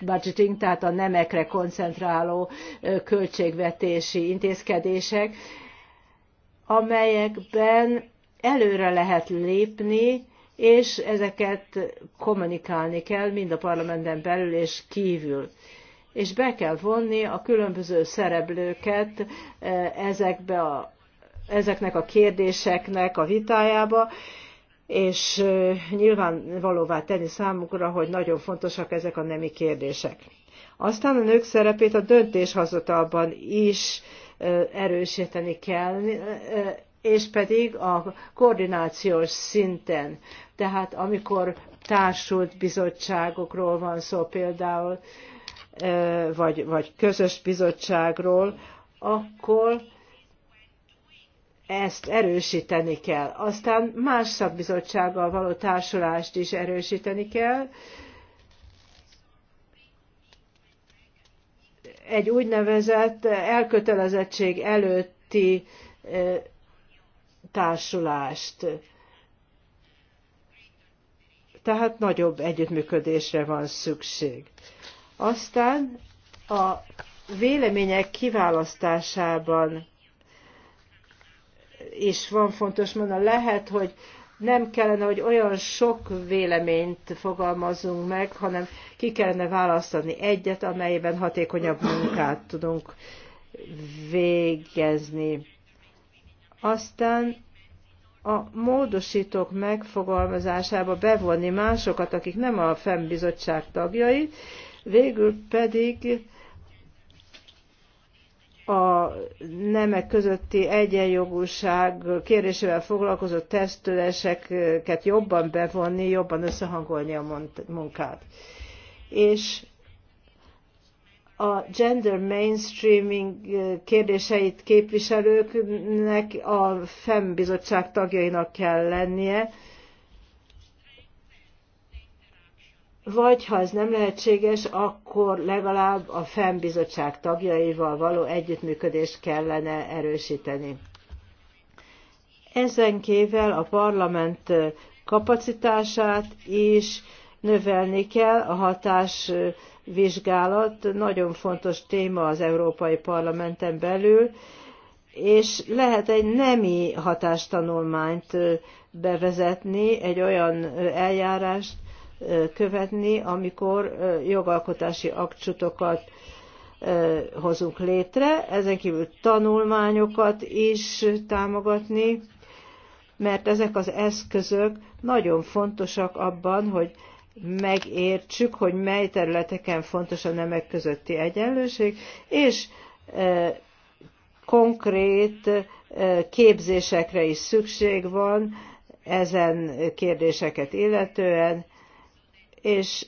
Speaker 2: budgeting, tehát a nemekre koncentráló e, költségvetési intézkedések, amelyekben előre lehet lépni, és ezeket kommunikálni kell mind a parlamenten belül és kívül. És be kell vonni a különböző szereplőket eh, ezekbe a, ezeknek a kérdéseknek a vitájába, és eh, nyilvánvalóvá tenni számukra, hogy nagyon fontosak ezek a nemi kérdések. Aztán a nők szerepét a döntéshozatalban is eh, erősíteni kell, és pedig a koordinációs szinten. Tehát amikor társult bizottságokról van szó például, vagy, vagy közös bizottságról, akkor ezt erősíteni kell. Aztán más szakbizottsággal való társulást is erősíteni kell. Egy úgynevezett elkötelezettség előtti társulást. Tehát nagyobb együttműködésre van szükség. Aztán a vélemények kiválasztásában is van fontos mondani, lehet, hogy nem kellene, hogy olyan sok véleményt fogalmazzunk meg, hanem ki kellene választani egyet, amelyben hatékonyabb munkát tudunk végezni. Aztán a módosítók megfogalmazásába bevonni másokat, akik nem a fennbizottság tagjai, végül pedig a nemek közötti egyenjogúság kérésével foglalkozó testüléseket jobban bevonni, jobban összehangolni a munkát. És a gender mainstreaming eh, kérdéseit képviselőknek a FEM bizottság tagjainak kell lennie, vagy ha ez nem lehetséges, akkor legalább a FEM bizottság tagjaival való együttműködést kellene erősíteni. Ezen kével a parlament eh, kapacitását is növelni kell a hatás eh, vizsgálat nagyon fontos téma az Európai Parlamenten belül, és lehet egy nemi hatástanulmányt bevezetni, egy olyan eljárást követni, amikor jogalkotási aktusokat hozunk létre, ezen kívül tanulmányokat is támogatni, mert ezek az eszközök nagyon fontosak abban, hogy megértsük, hogy mely területeken fontos a nemek közötti egyenlőség, és e, konkrét e, képzésekre is szükség van ezen kérdéseket illetően, és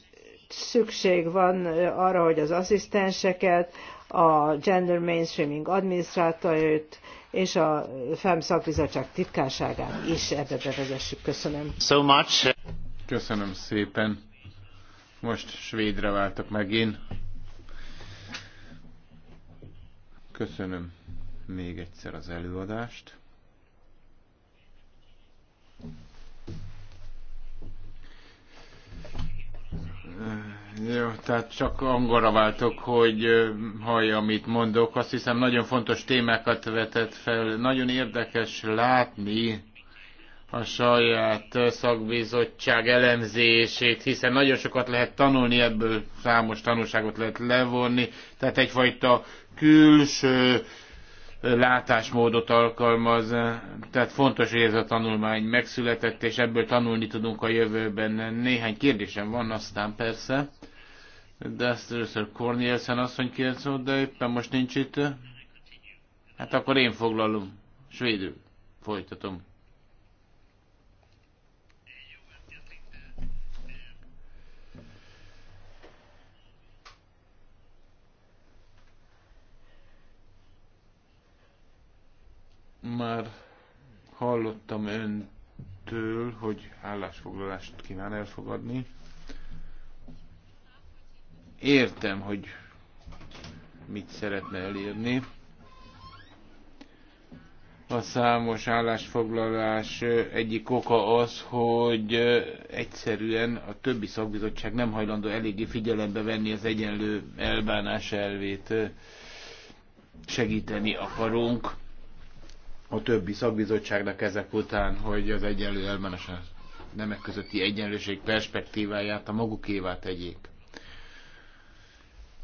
Speaker 2: szükség van arra, hogy az asszisztenseket, a gender mainstreaming adminisztrátorait és a FEM szakbizottság titkárságát is ebbe bevezessük. Köszönöm.
Speaker 1: So much. Uh, Köszönöm szépen. Most svédre váltok meg én. Köszönöm még egyszer az előadást. Jó, tehát csak angolra váltok, hogy hallja, amit mondok. Azt hiszem, nagyon fontos témákat vetett fel. Nagyon érdekes látni, a saját szakbizottság elemzését, hiszen nagyon sokat lehet tanulni, ebből számos tanulságot lehet levonni, tehát egyfajta külső látásmódot alkalmaz, tehát fontos, hogy ez a tanulmány megszületett, és ebből tanulni tudunk a jövőben. Néhány kérdésem van aztán persze, de ezt először Cornielsen asszony kérdező, de éppen most nincs itt. Hát akkor én foglalom, svédül folytatom. Már hallottam öntől, hogy állásfoglalást kíván elfogadni. Értem, hogy mit szeretne elérni. A számos állásfoglalás egyik oka az, hogy egyszerűen a többi szakbizottság nem hajlandó eléggé figyelembe venni az egyenlő elbánás elvét. Segíteni akarunk a többi szakbizottságnak ezek után, hogy az egyenlő elmenes a nemek közötti egyenlőség perspektíváját a magukévá tegyék.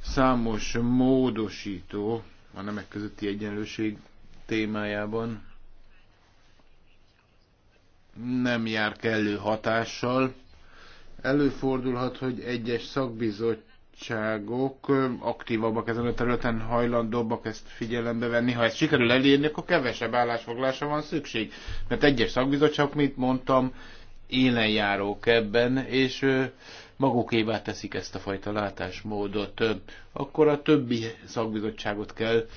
Speaker 1: Számos módosító a nemek közötti egyenlőség témájában nem jár kellő hatással. Előfordulhat, hogy egyes szakbizottság bizottságok aktívabbak ezen a területen, hajlandóbbak ezt figyelembe venni. Ha ezt sikerül elérni, akkor kevesebb állásfoglalásra van szükség. Mert egyes szakbizottságok, mint mondtam, járók ebben, és magukévá teszik ezt a fajta látásmódot. Akkor a többi szakbizottságot kell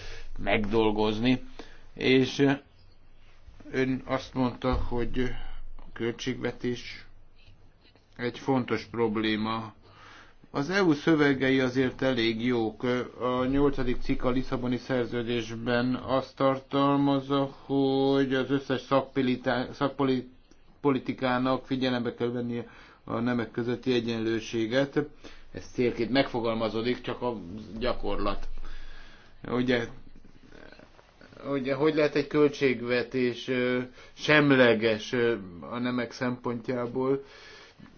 Speaker 1: megdolgozni, és ön azt mondta, hogy a költségvetés egy fontos probléma, az EU szövegei azért elég jók. A nyolcadik cikk a Lisszaboni szerződésben azt tartalmazza, hogy az összes szakpolitikának figyelembe kell vennie a nemek közötti egyenlőséget. Ez célként megfogalmazódik, csak a gyakorlat. Ugye ugye, hogy lehet egy költségvetés semleges a nemek szempontjából,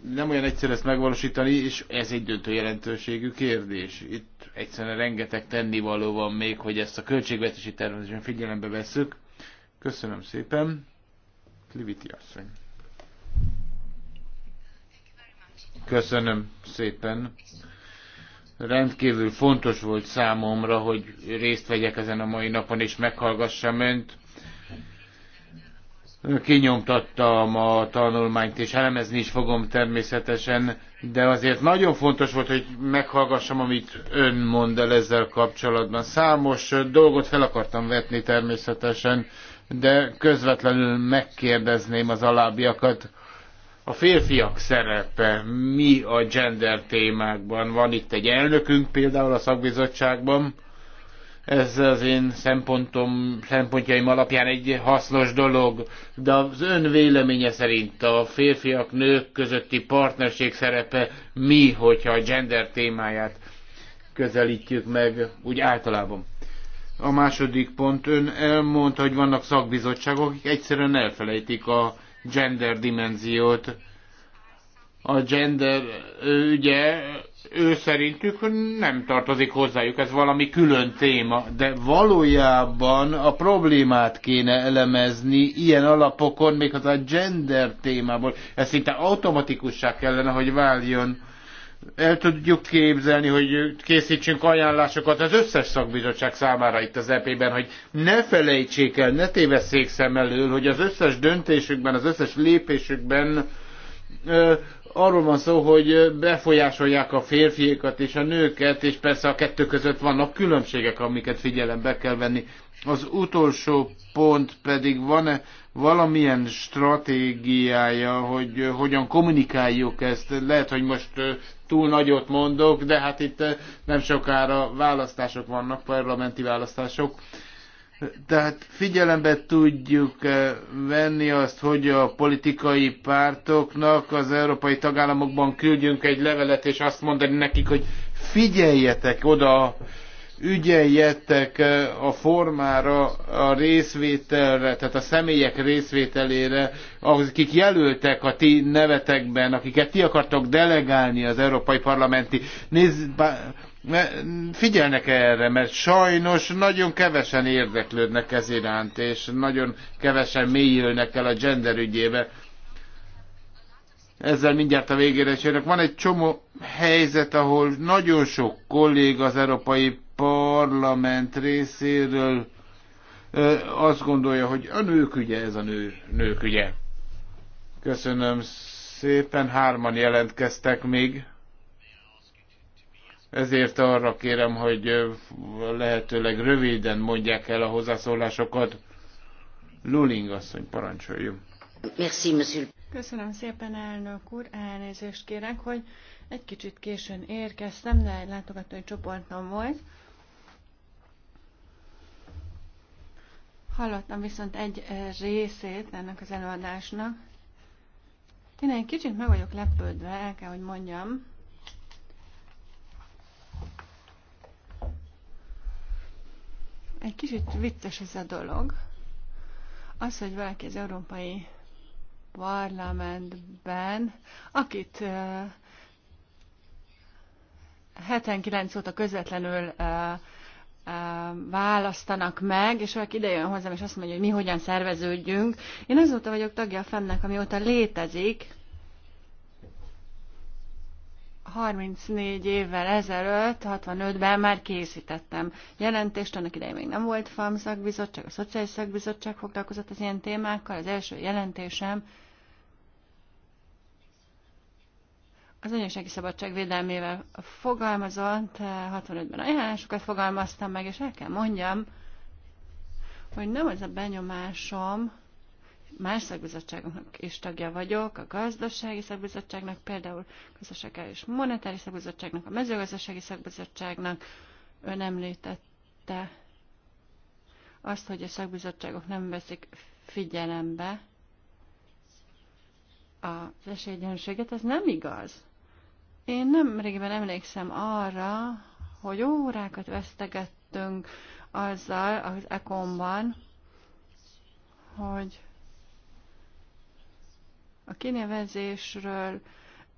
Speaker 1: nem olyan egyszerű ezt megvalósítani, és ez egy döntő jelentőségű kérdés. Itt egyszerűen rengeteg tennivaló van még, hogy ezt a költségvetési tervezésen figyelembe vesszük. Köszönöm szépen. Kliviti asszony. Köszönöm szépen. Rendkívül fontos volt számomra, hogy részt vegyek ezen a mai napon, és meghallgassam önt kinyomtattam a tanulmányt, és elemezni is fogom természetesen, de azért nagyon fontos volt, hogy meghallgassam, amit ön mond el ezzel kapcsolatban. Számos dolgot fel akartam vetni természetesen, de közvetlenül megkérdezném az alábbiakat. A férfiak szerepe mi a gender témákban? Van itt egy elnökünk például a szakbizottságban, ez az én szempontom, szempontjaim alapján egy hasznos dolog, de az ön véleménye szerint a férfiak nők közötti partnerség szerepe mi, hogyha a gender témáját közelítjük meg úgy általában? A második pont, ön elmondta, hogy vannak szakbizottságok, akik egyszerűen elfelejtik a gender dimenziót. A gender ügye ő szerintük nem tartozik hozzájuk, ez valami külön téma, de valójában a problémát kéne elemezni ilyen alapokon, még az a gender témából. Ez szinte automatikussá kellene, hogy váljon. El tudjuk képzelni, hogy készítsünk ajánlásokat az összes szakbizottság számára itt az EP-ben, hogy ne felejtsék el, ne tévesszék szem elől, hogy az összes döntésükben, az összes lépésükben arról van szó, hogy befolyásolják a férfiakat és a nőket, és persze a kettő között vannak különbségek, amiket figyelembe kell venni. Az utolsó pont pedig van-e valamilyen stratégiája, hogy hogyan kommunikáljuk ezt? Lehet, hogy most túl nagyot mondok, de hát itt nem sokára választások vannak, parlamenti választások tehát figyelembe tudjuk eh, venni azt, hogy a politikai pártoknak az európai tagállamokban küldjünk egy levelet, és azt mondani nekik, hogy figyeljetek oda, ügyeljetek eh, a formára, a részvételre, tehát a személyek részvételére, akik jelöltek a ti nevetekben, akiket ti akartok delegálni az Európai Parlamenti. Nézd, Figyelnek erre, mert sajnos nagyon kevesen érdeklődnek ez iránt, és nagyon kevesen mélyülnek el a gender ügyébe. Ezzel mindjárt a végére is Van egy csomó helyzet, ahol nagyon sok kolléga az Európai Parlament részéről azt gondolja, hogy a nők ügye ez a nő, nők ügye. Köszönöm szépen, hárman jelentkeztek még. Ezért arra kérem, hogy lehetőleg röviden mondják el a hozzászólásokat. Luling asszony, parancsoljon.
Speaker 4: Merci, monsieur. Köszönöm szépen, elnök úr. Elnézést kérek, hogy egy kicsit későn érkeztem, de egy látogatói csoportom volt. Hallottam viszont egy részét ennek az előadásnak. Én egy kicsit meg vagyok lepődve, el kell, hogy mondjam, Egy kicsit vicces ez a dolog. Az, hogy valaki az Európai Parlamentben, akit uh, 79 óta közvetlenül uh, választanak meg, és valaki ide jön hozzám, és azt mondja, hogy mi hogyan szerveződjünk. Én azóta vagyok tagja a FEM-nek, amióta létezik, 34 évvel ezelőtt, 65-ben már készítettem jelentést, annak idején még nem volt FAM szakbizottság, a Szociális Szakbizottság foglalkozott az ilyen témákkal, az első jelentésem az anyasági szabadság védelmével fogalmazott, 65-ben ajánlásokat fogalmaztam meg, és el kell mondjam, hogy nem az a benyomásom, más szakbizottságoknak is tagja vagyok, a gazdasági szakbizottságnak, például a gazdasági és monetári szakbizottságnak, a mezőgazdasági szakbizottságnak. Ön említette azt, hogy a szakbizottságok nem veszik figyelembe az esélyegyenlőséget, ez nem igaz. Én nem régiben emlékszem arra, hogy órákat vesztegettünk azzal az ekonban, hogy a kinevezésről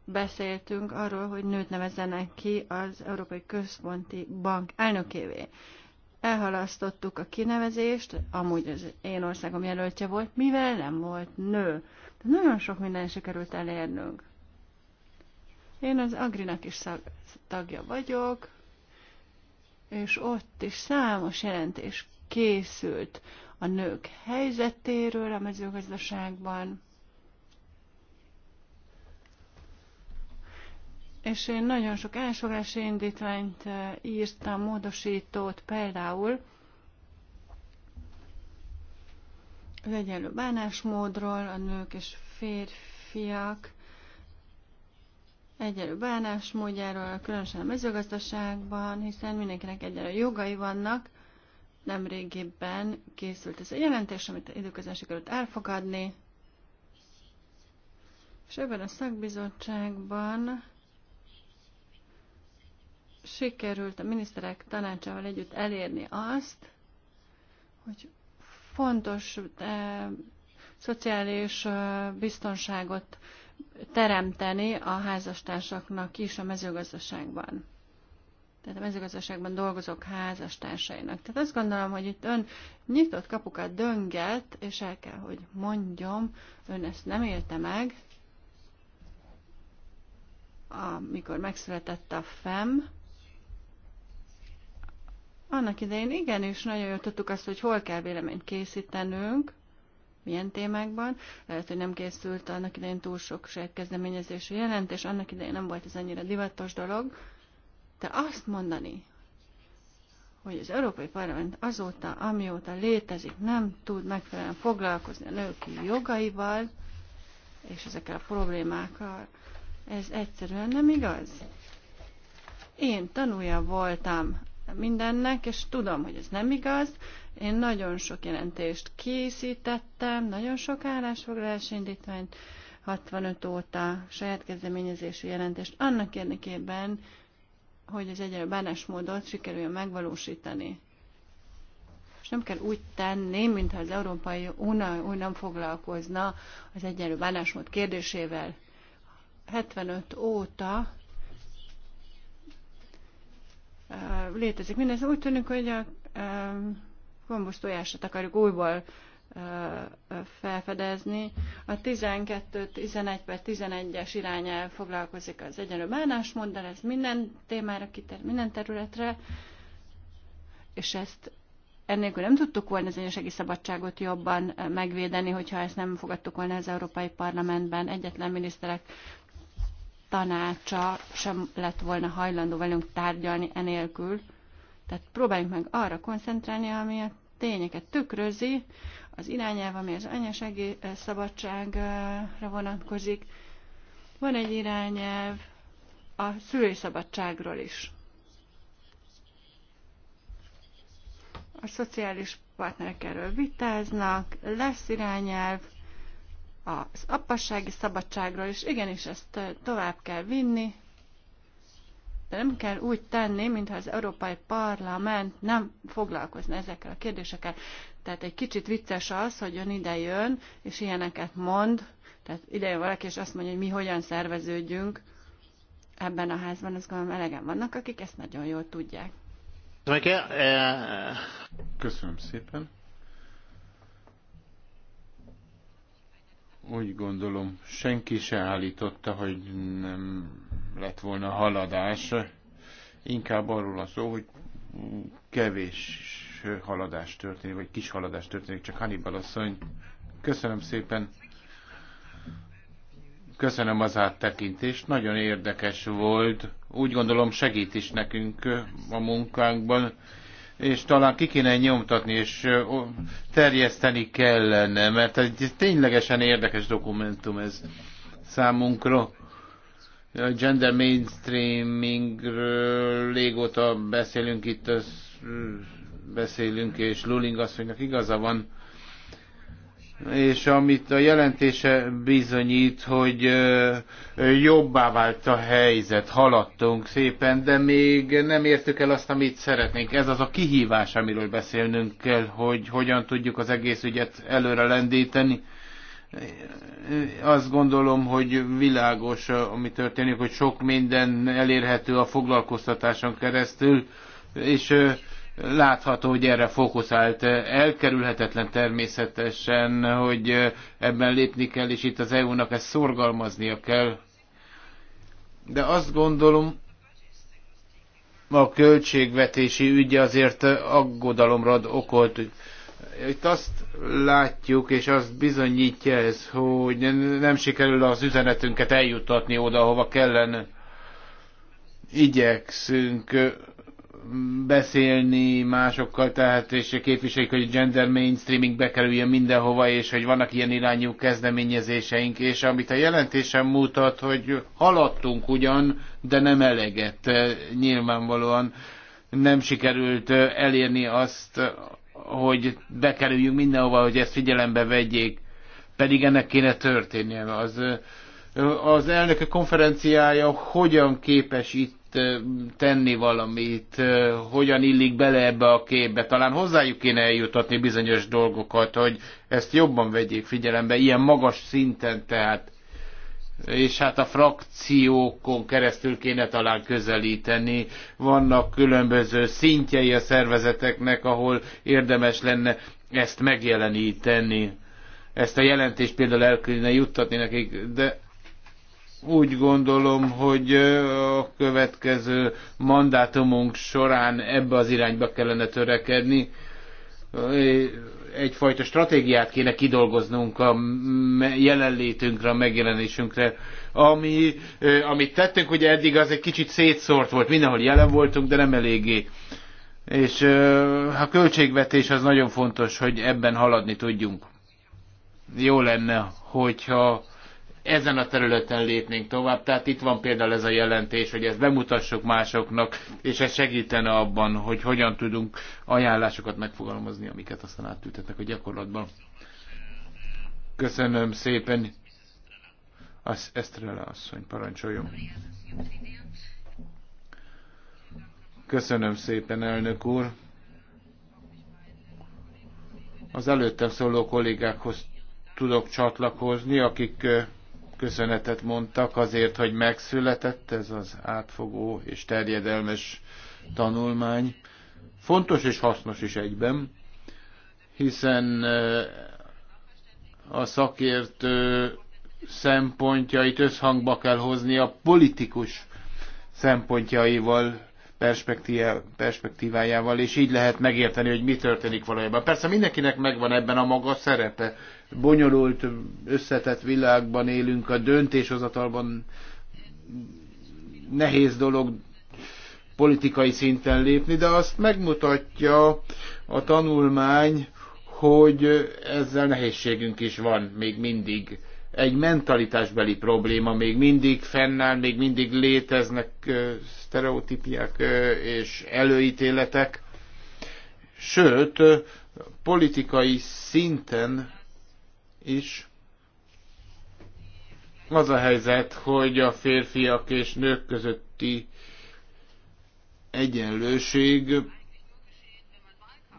Speaker 4: beszéltünk arról, hogy nőt nevezzenek ki az Európai Központi Bank elnökévé. Elhalasztottuk a kinevezést, amúgy az én országom jelöltje volt, mivel nem volt nő. De nagyon sok minden sikerült elérnünk. Én az Agrinak is tagja vagyok, és ott is számos jelentés készült a nők helyzetéről a mezőgazdaságban, és én nagyon sok elsorási indítványt eh, írtam, módosítót például az egyenlő bánásmódról, a nők és férfiak egyenlő bánásmódjáról, különösen a mezőgazdaságban, hiszen mindenkinek egyenlő jogai vannak. Nemrégiben készült ez a jelentés, amit időközben sikerült elfogadni, és ebben a szakbizottságban sikerült a miniszterek tanácsával együtt elérni azt, hogy fontos e, szociális e, biztonságot teremteni a házastársaknak is a mezőgazdaságban. Tehát a mezőgazdaságban dolgozók házastársainak. Tehát azt gondolom, hogy itt ön nyitott kapukat döngelt, és el kell, hogy mondjam, ön ezt nem élte meg, amikor megszületett a FEM, annak idején igenis nagyon jól tudtuk azt, hogy hol kell véleményt készítenünk, milyen témákban. Lehet, hogy nem készült annak idején túl sok kezdeményezésű jelentés, annak idején nem volt ez annyira divatos dolog. De azt mondani, hogy az Európai Parlament azóta, amióta létezik, nem tud megfelelően foglalkozni a nők jogaival, és ezekkel a problémákkal, ez egyszerűen nem igaz. Én tanulja voltam mindennek, és tudom, hogy ez nem igaz. Én nagyon sok jelentést készítettem, nagyon sok állásfoglalás indítványt, 65 óta saját kezdeményezésű jelentést, annak érdekében, hogy az egyenlő bánásmódot sikerüljön megvalósítani. És nem kell úgy tenni, mintha az Európai Unió nem foglalkozna az egyenlő bánásmód kérdésével. 75 óta Eh, létezik mindez. Úgy tűnik, hogy a eh, gombos tojásot akarjuk újból eh, felfedezni. A 12-11 per 11-es irányel foglalkozik az egyenlő bánásmóddal, ez minden témára kiter, minden területre, és ezt ennélkül nem tudtuk volna az anyasági szabadságot jobban megvédeni, hogyha ezt nem fogadtuk volna az Európai Parlamentben. Egyetlen miniszterek tanácsa sem lett volna hajlandó velünk tárgyalni enélkül. Tehát próbáljunk meg arra koncentrálni, ami a tényeket tükrözi, az irányelv, ami az anyasági szabadságra vonatkozik. Van egy irányelv a szülői szabadságról is. A szociális partnerek erről vitáznak, lesz irányelv, az apassági szabadságról, és igenis ezt tovább kell vinni, de nem kell úgy tenni, mintha az Európai Parlament nem foglalkozna ezekkel a kérdésekkel. Tehát egy kicsit vicces az, hogy ön ide jön, és ilyeneket mond, tehát ide jön valaki, és azt mondja, hogy mi hogyan szerveződjünk ebben a házban, azt gondolom elegen vannak, akik ezt nagyon jól tudják.
Speaker 1: Köszönöm szépen. Úgy gondolom, senki se állította, hogy nem lett volna haladás. Inkább arról a szó, hogy kevés haladás történik, vagy kis haladás történik, csak Hannibal asszony. Köszönöm szépen. Köszönöm az áttekintést, nagyon érdekes volt. Úgy gondolom segít is nekünk a munkánkban és talán ki kéne nyomtatni, és terjeszteni kellene, mert egy ténylegesen érdekes dokumentum ez számunkra. A gender mainstreamingről légóta beszélünk itt, az, beszélünk, és Luling azt hogy igaza van, és amit a jelentése bizonyít, hogy jobbá vált a helyzet, haladtunk szépen, de még nem értük el azt, amit szeretnénk. Ez az a kihívás, amiről beszélnünk kell, hogy hogyan tudjuk az egész ügyet előre lendíteni. Azt gondolom, hogy világos, ami történik, hogy sok minden elérhető a foglalkoztatáson keresztül, és Látható, hogy erre fókuszált. Elkerülhetetlen természetesen, hogy ebben lépni kell, és itt az EU-nak ezt szorgalmaznia kell. De azt gondolom, a költségvetési ügye azért aggodalomra ad okot. Itt azt látjuk, és azt bizonyítja ez, hogy nem sikerül az üzenetünket eljuttatni oda, hova kellene. Igyekszünk beszélni másokkal, tehát és képviseljük, hogy a gender mainstreaming bekerüljön mindenhova, és hogy vannak ilyen irányú kezdeményezéseink, és amit a jelentésem mutat, hogy haladtunk ugyan, de nem eleget. Nyilvánvalóan nem sikerült elérni azt, hogy bekerüljünk mindenhova, hogy ezt figyelembe vegyék, pedig ennek kéne történnie. Az, az elnöke konferenciája hogyan képes itt tenni valamit, hogyan illik bele ebbe a képbe. Talán hozzájuk kéne eljutatni bizonyos dolgokat, hogy ezt jobban vegyék figyelembe, ilyen magas szinten tehát. És hát a frakciókon keresztül kéne talán közelíteni. Vannak különböző szintjei a szervezeteknek, ahol érdemes lenne ezt megjeleníteni. Ezt a jelentést például el kellene juttatni nekik, de úgy gondolom, hogy a következő mandátumunk során ebbe az irányba kellene törekedni. Egyfajta stratégiát kéne kidolgoznunk a jelenlétünkre, a megjelenésünkre. Ami, amit tettünk, ugye eddig az egy kicsit szétszórt volt, mindenhol jelen voltunk, de nem eléggé. És a költségvetés az nagyon fontos, hogy ebben haladni tudjunk. Jó lenne, hogyha ezen a területen lépnénk tovább. Tehát itt van például ez a jelentés, hogy ezt bemutassuk másoknak, és ez segítene abban, hogy hogyan tudunk ajánlásokat megfogalmazni, amiket aztán átültetnek a gyakorlatban. Köszönöm szépen. Az Estrella asszony, parancsoljon. Köszönöm szépen, elnök úr. Az előttem szóló kollégákhoz tudok csatlakozni, akik köszönetet mondtak azért, hogy megszületett ez az átfogó és terjedelmes tanulmány. Fontos és hasznos is egyben, hiszen eh, a szakértő szempontjait összhangba kell hozni a politikus szempontjaival, perspektívájával, és így lehet megérteni, hogy mi történik valójában. Persze mindenkinek megvan ebben a maga szerepe, bonyolult, összetett világban élünk, a döntéshozatalban nehéz dolog politikai szinten lépni, de azt megmutatja a tanulmány, hogy ezzel nehézségünk is van még mindig. Egy mentalitásbeli probléma még mindig fennáll, még mindig léteznek sztereotípiák és előítéletek. Sőt, politikai szinten is. Az a helyzet, hogy a férfiak és nők közötti egyenlőség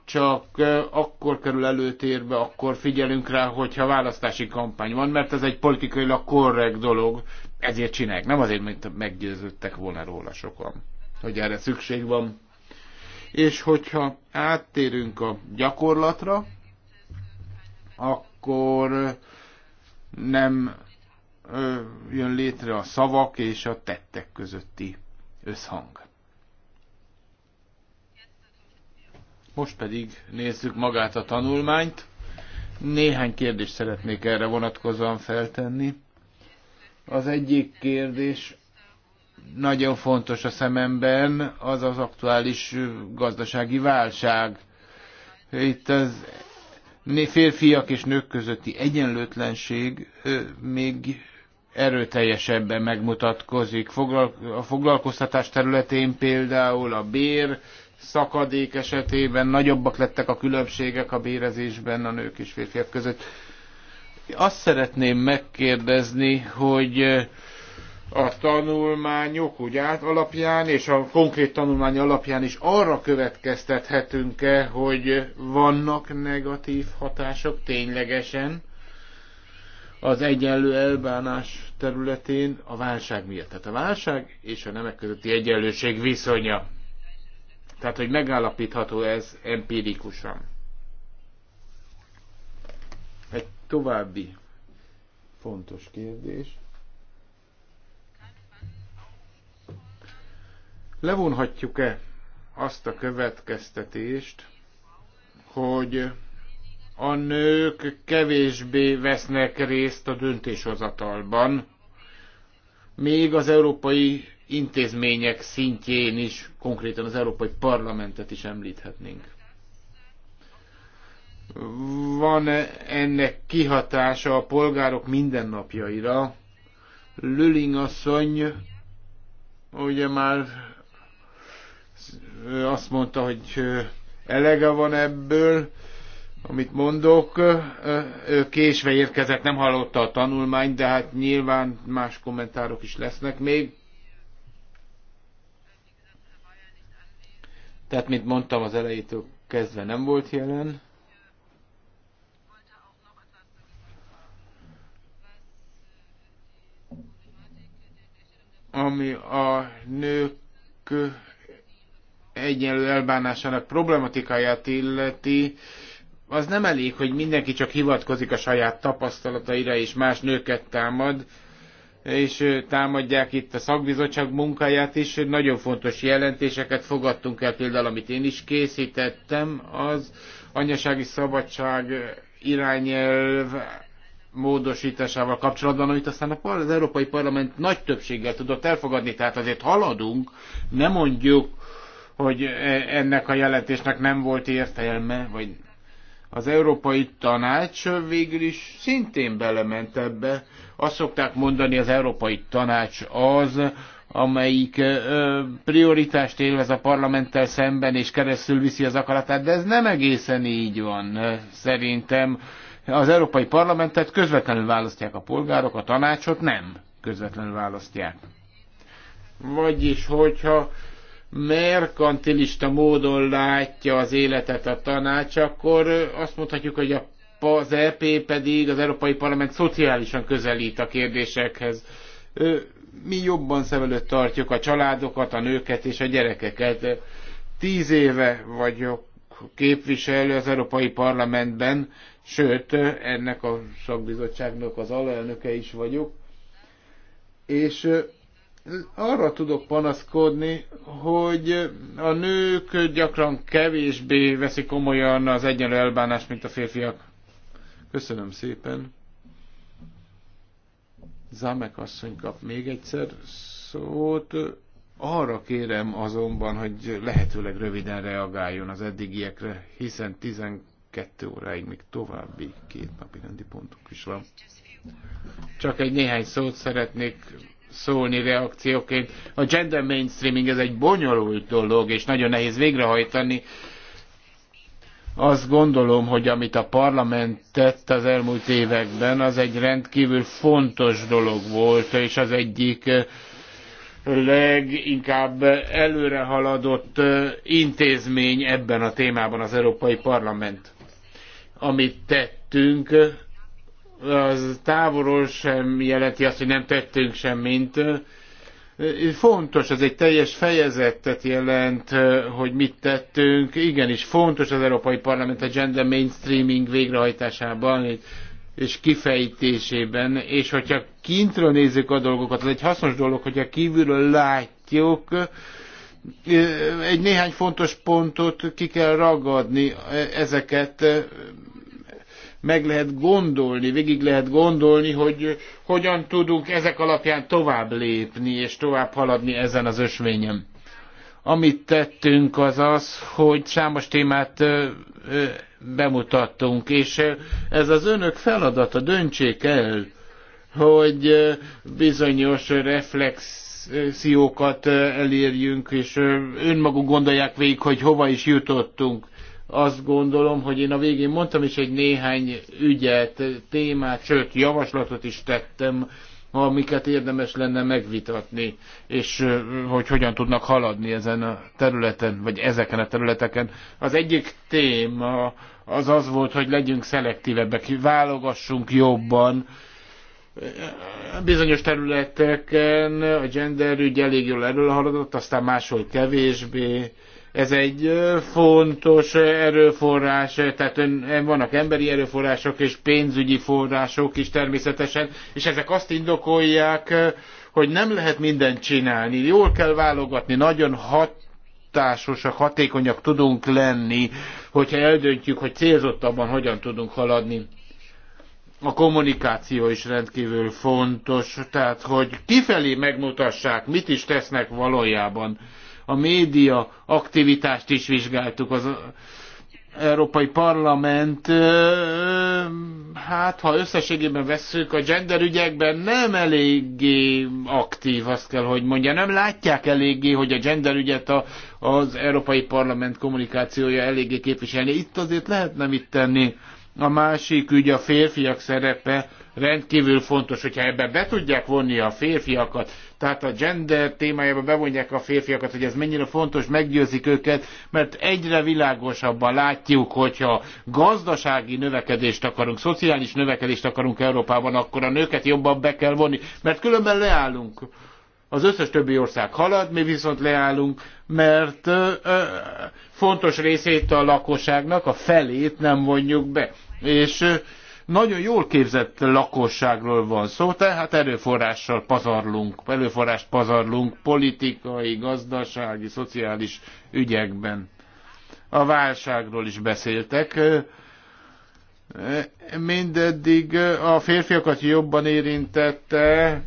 Speaker 1: csak akkor kerül előtérbe, akkor figyelünk rá, hogyha választási kampány van, mert ez egy politikailag korrekt dolog, ezért csinálják. Nem azért, mint meggyőződtek volna róla sokan, hogy erre szükség van. És hogyha áttérünk a gyakorlatra, akkor nem jön létre a szavak és a tettek közötti összhang. Most pedig nézzük magát a tanulmányt. Néhány kérdést szeretnék erre vonatkozóan feltenni. Az egyik kérdés nagyon fontos a szememben, az az aktuális gazdasági válság. Itt az férfiak és nők közötti egyenlőtlenség még erőteljesebben megmutatkozik. A foglalkoztatás területén például a bér szakadék esetében nagyobbak lettek a különbségek a bérezésben a nők és férfiak között. Azt szeretném megkérdezni, hogy a tanulmányok úgy át alapján és a konkrét tanulmány alapján is arra következtethetünk-e, hogy vannak negatív hatások ténylegesen az egyenlő elbánás területén a válság miatt. Tehát a válság és a nemek közötti egyenlőség viszonya. Tehát, hogy megállapítható ez empirikusan. Egy további fontos kérdés. Levonhatjuk-e azt a következtetést, hogy a nők kevésbé vesznek részt a döntéshozatalban, még az európai intézmények szintjén is, konkrétan az Európai Parlamentet is említhetnénk. Van -e ennek kihatása a polgárok mindennapjaira? Lüling asszony ugye már azt mondta, hogy elege van ebből, amit mondok. Ő késve érkezett, nem hallotta a tanulmány, de hát nyilván más kommentárok is lesznek még. Tehát, mint mondtam, az elejétől kezdve nem volt jelen. Ami a nők egyenlő elbánásának problematikáját illeti, az nem elég, hogy mindenki csak hivatkozik a saját tapasztalataira, és más nőket támad, és támadják itt a szakbizottság munkáját is. Nagyon fontos jelentéseket fogadtunk el, például amit én is készítettem, az anyasági szabadság irányelv módosításával kapcsolatban, amit aztán az Európai Parlament nagy többséggel tudott elfogadni, tehát azért haladunk, nem mondjuk, hogy e, ennek a jelentésnek nem volt értelme, vagy az Európai Tanács végül is szintén belement ebbe. Azt szokták mondani, az Európai Tanács az, amelyik ö, e, prioritást élvez a parlamenttel szemben, és keresztül viszi az akaratát, de ez nem egészen így van e, szerintem. Az Európai Parlamentet közvetlenül választják a polgárok, a tanácsot nem közvetlenül választják. Vagyis, hogyha merkantilista módon látja az életet a tanács, akkor azt mondhatjuk, hogy a, az EP pedig az Európai Parlament szociálisan közelít a kérdésekhez. Mi jobban szem előtt tartjuk a családokat, a nőket és a gyerekeket. Tíz éve vagyok képviselő az Európai Parlamentben, sőt, ennek a szakbizottságnak az alelnöke is vagyok. És arra tudok panaszkodni, hogy a nők gyakran kevésbé veszik komolyan az egyenlő elbánást, mint a férfiak. Köszönöm szépen. Zamek asszony kap még egyszer szót. Arra kérem azonban, hogy lehetőleg röviden reagáljon az eddigiekre, hiszen 12 óráig még további két napi rendi pontunk is van. Csak egy néhány szót szeretnék szólni reakcióként. A gender mainstreaming ez egy bonyolult dolog, és nagyon nehéz végrehajtani. Azt gondolom, hogy amit a parlament tett az elmúlt években, az egy rendkívül fontos dolog volt, és az egyik eh, leginkább előre haladott eh, intézmény ebben a témában az Európai Parlament. Amit tettünk, az távolról sem jelenti azt, hogy nem tettünk semmit. Fontos, ez egy teljes fejezetet jelent, hogy mit tettünk. Igenis, fontos az Európai Parlament a gender mainstreaming végrehajtásában és kifejtésében, és hogyha kintről nézzük a dolgokat, az egy hasznos dolog, hogyha kívülről látjuk, egy néhány fontos pontot ki kell ragadni, ezeket meg lehet gondolni, végig lehet gondolni, hogy hogyan tudunk ezek alapján tovább lépni és tovább haladni ezen az ösvényen. Amit tettünk az az, hogy számos témát bemutattunk, és ez az önök feladata, döntsék el, hogy bizonyos reflex sziókat elérjünk, és önmaguk gondolják végig, hogy hova is jutottunk azt gondolom, hogy én a végén mondtam is egy néhány ügyet, témát, sőt javaslatot is tettem, amiket érdemes lenne megvitatni, és hogy hogyan tudnak haladni ezen a területen, vagy ezeken a területeken. Az egyik téma az az volt, hogy legyünk szelektívebbek, válogassunk jobban, bizonyos területeken a gender ügy elég jól előhaladott, aztán máshol kevésbé, ez egy fontos erőforrás, tehát vannak emberi erőforrások és pénzügyi források is természetesen, és ezek azt indokolják, hogy nem lehet mindent csinálni. Jól kell válogatni, nagyon hat hatásosak, hatékonyak tudunk lenni, hogyha eldöntjük, hogy célzottabban hogyan tudunk haladni. A kommunikáció is rendkívül fontos, tehát hogy kifelé megmutassák, mit is tesznek valójában a média aktivitást is vizsgáltuk. Az Európai Parlament, hát ha összességében vesszük, a gender ügyekben nem eléggé aktív, azt kell, hogy mondja. Nem látják eléggé, hogy a gender ügyet a, az Európai Parlament kommunikációja eléggé képviselni. Itt azért lehet nem tenni. A másik ügy a férfiak szerepe rendkívül fontos, hogyha ebbe be tudják vonni a férfiakat, tehát a gender témájába bevonják a férfiakat, hogy ez mennyire fontos, meggyőzik őket, mert egyre világosabban látjuk, hogyha gazdasági növekedést akarunk, szociális növekedést akarunk Európában, akkor a nőket jobban be kell vonni, mert különben leállunk. Az összes többi ország halad, mi viszont leállunk, mert ö, ö, fontos részét a lakosságnak, a felét nem vonjuk be. És ö, nagyon jól képzett lakosságról van szó, tehát erőforrással pazarlunk, erőforrást pazarlunk politikai, gazdasági, szociális ügyekben. A válságról is beszéltek. Mindeddig a férfiakat jobban érintette,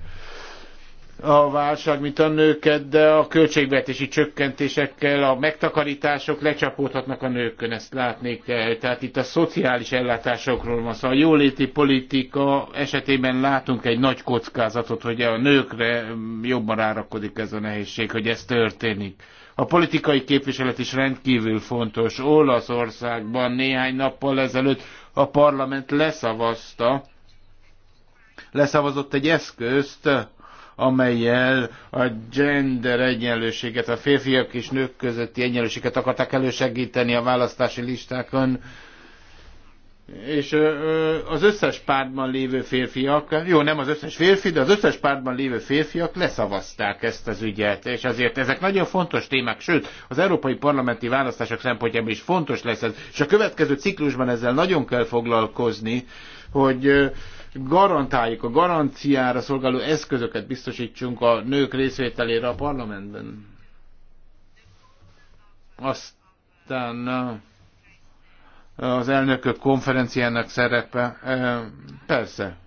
Speaker 1: a válság, mint a nőket, de a költségvetési csökkentésekkel a megtakarítások lecsapódhatnak a nőkön, ezt látni kell. Tehát itt a szociális ellátásokról van szó. Szóval a jóléti politika esetében látunk egy nagy kockázatot, hogy a nőkre jobban rárakodik ez a nehézség, hogy ez történik. A politikai képviselet is rendkívül fontos. Olaszországban néhány nappal ezelőtt a parlament leszavazta, leszavazott egy eszközt, amelyel a gender egyenlőséget, a férfiak és nők közötti egyenlőséget akarták elősegíteni a választási listákon. És az összes pártban lévő férfiak, jó, nem az összes férfi, de az összes pártban lévő férfiak leszavazták ezt az ügyet, és azért ezek nagyon fontos témák, sőt, az európai parlamenti választások szempontjából is fontos lesz ez, és a következő ciklusban ezzel nagyon kell foglalkozni, hogy garantáljuk a garanciára szolgáló eszközöket biztosítsunk a nők részvételére a parlamentben. Aztán eh, az elnökök konferenciának szerepe, eh, persze,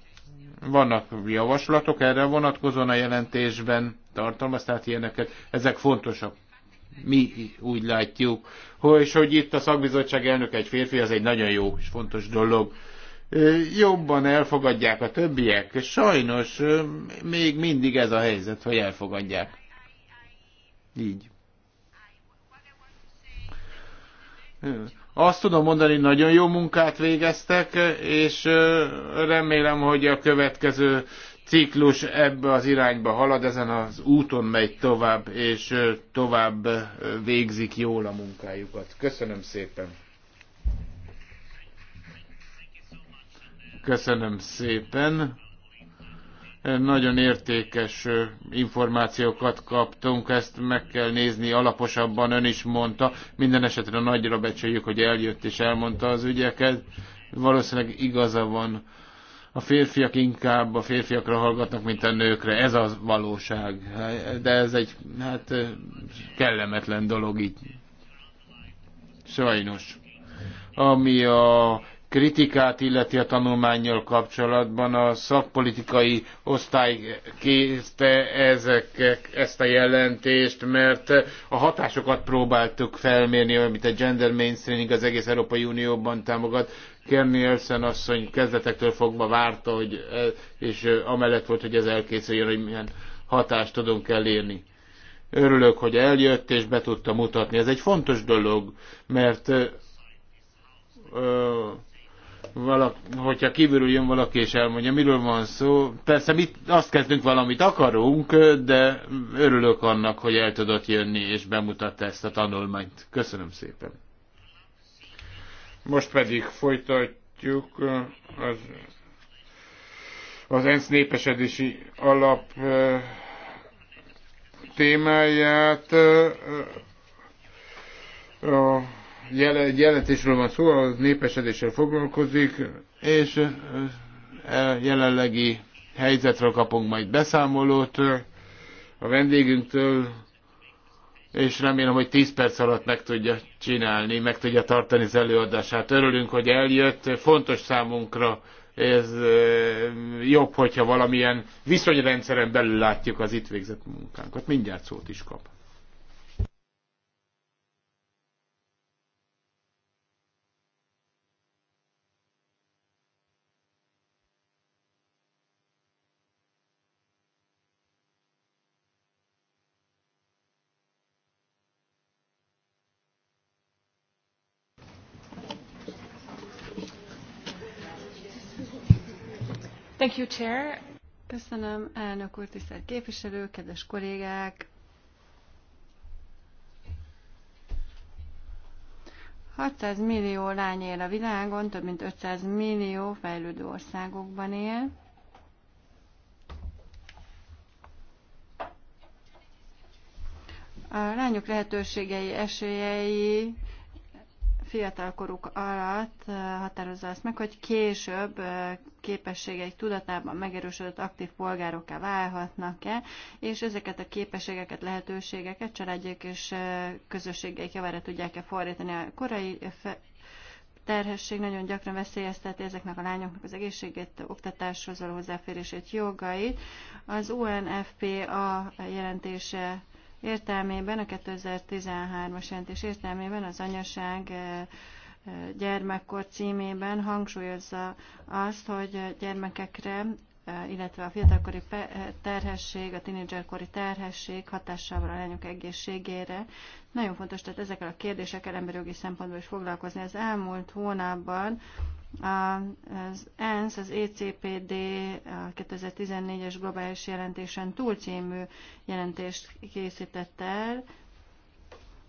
Speaker 1: vannak javaslatok erre vonatkozóan a jelentésben, tartalmaz, tehát ilyeneket, ezek fontosak. Mi úgy látjuk, hogy, és hogy itt a szakbizottság elnök egy férfi, az egy nagyon jó és fontos dolog jobban elfogadják a többiek. Sajnos még mindig ez a helyzet, hogy elfogadják. Így. Azt tudom mondani, nagyon jó munkát végeztek, és remélem, hogy a következő ciklus ebbe az irányba halad, ezen az úton megy tovább, és tovább végzik jól a munkájukat. Köszönöm szépen! Köszönöm szépen. Nagyon értékes információkat kaptunk, ezt meg kell nézni alaposabban, ön is mondta. Minden esetre nagyra becsüljük, hogy eljött és elmondta az ügyeket. Valószínűleg igaza van. A férfiak inkább a férfiakra hallgatnak, mint a nőkre. Ez az valóság. De ez egy hát, kellemetlen dolog így. Sajnos ami a kritikát illeti a tanulmányjal kapcsolatban, a szakpolitikai osztály készte ezek, ezt a jelentést, mert a hatásokat próbáltuk felmérni, amit a gender mainstreaming az egész Európai Unióban támogat. Kerni Elszen asszony kezdetektől fogva várta, hogy, és amellett volt, hogy ez elkészüljön, hogy milyen hatást tudunk elérni. Örülök, hogy eljött és be tudta mutatni. Ez egy fontos dolog, mert valak, hogyha kívülről jön valaki és elmondja, miről van szó. Persze mi azt kezdünk, valamit akarunk, de örülök annak, hogy el tudott jönni és bemutatta ezt a tanulmányt. Köszönöm szépen. Most pedig folytatjuk az, az ENSZ népesedési alap eh, témáját. Eh, a, jelentésről van szó, a népesedéssel foglalkozik, és e, jelenlegi helyzetről kapunk majd beszámolót a vendégünktől, és remélem, hogy 10 perc alatt meg tudja csinálni, meg tudja tartani az előadását. Örülünk, hogy eljött, fontos számunkra, ez jobb, hogyha valamilyen viszonyrendszeren belül látjuk az itt végzett munkánkat. Mindjárt szót is kap.
Speaker 4: Thank you, Chair. Köszönöm, elnök úr, tisztelt képviselő, kedves kollégák! Hatszáz millió lány él a világon, több mint 500 millió fejlődő országokban él. A lányok lehetőségei, esélyei fiatalkoruk alatt határozza azt meg, hogy később képességeik tudatában megerősödött aktív polgárokká válhatnak-e, és ezeket a képességeket, lehetőségeket családjaik és közösségeik javára tudják-e fordítani. A korai terhesség nagyon gyakran veszélyezteti ezeknek a lányoknak az egészségét, oktatáshoz való hozzáférését, jogait. Az UNFPA jelentése értelmében, a 2013-as jelentés értelmében az anyaság eh, eh, gyermekkor címében hangsúlyozza azt, hogy gyermekekre illetve a fiatalkori terhesség, a tinédzserkori terhesség hatással van a lányok egészségére. Nagyon fontos, tehát ezekkel a kérdésekkel emberjogi szempontból is foglalkozni. Az elmúlt hónapban az ENSZ, az ECPD 2014-es globális jelentésen túlcímű jelentést készített el,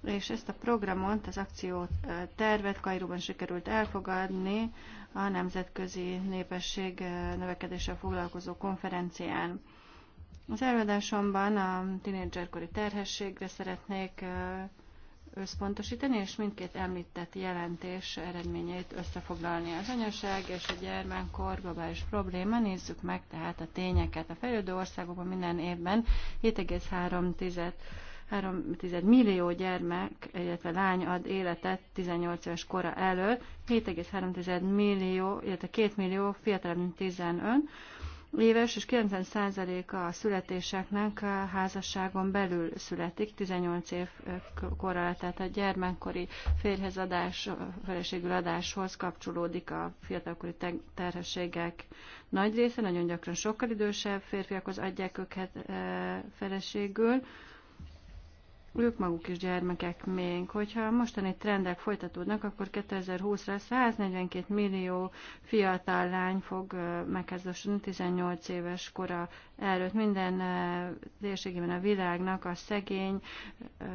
Speaker 4: és ezt a programot, az akciótervet Kairóban sikerült elfogadni, a Nemzetközi Népesség eh, Növekedéssel foglalkozó konferencián. Az előadásomban a tinédzserkori terhességre szeretnék eh, összpontosítani, és mindkét említett jelentés eredményeit összefoglalni. Az anyaság és a gyermekkor globális probléma, nézzük meg tehát a tényeket. A fejlődő országokban minden évben 7,3 3,1 millió gyermek, illetve lány ad életet 18 éves kora elől, 7,3 millió, illetve 2 millió fiatalabb, mint 15 éves, és 90%-a a születéseknek a házasságon belül születik, 18 év kora, alatt, tehát a gyermekkori férhez adás, feleségül adáshoz kapcsolódik a fiatalkori terhességek nagy része, nagyon gyakran sokkal idősebb férfiakhoz adják őket eh, feleségül, ők maguk is gyermekek még. Hogyha mostani trendek folytatódnak, akkor 2020-ra 142 millió fiatal lány fog megkezdősödni 18 éves kora előtt. Minden térségében a világnak a szegény,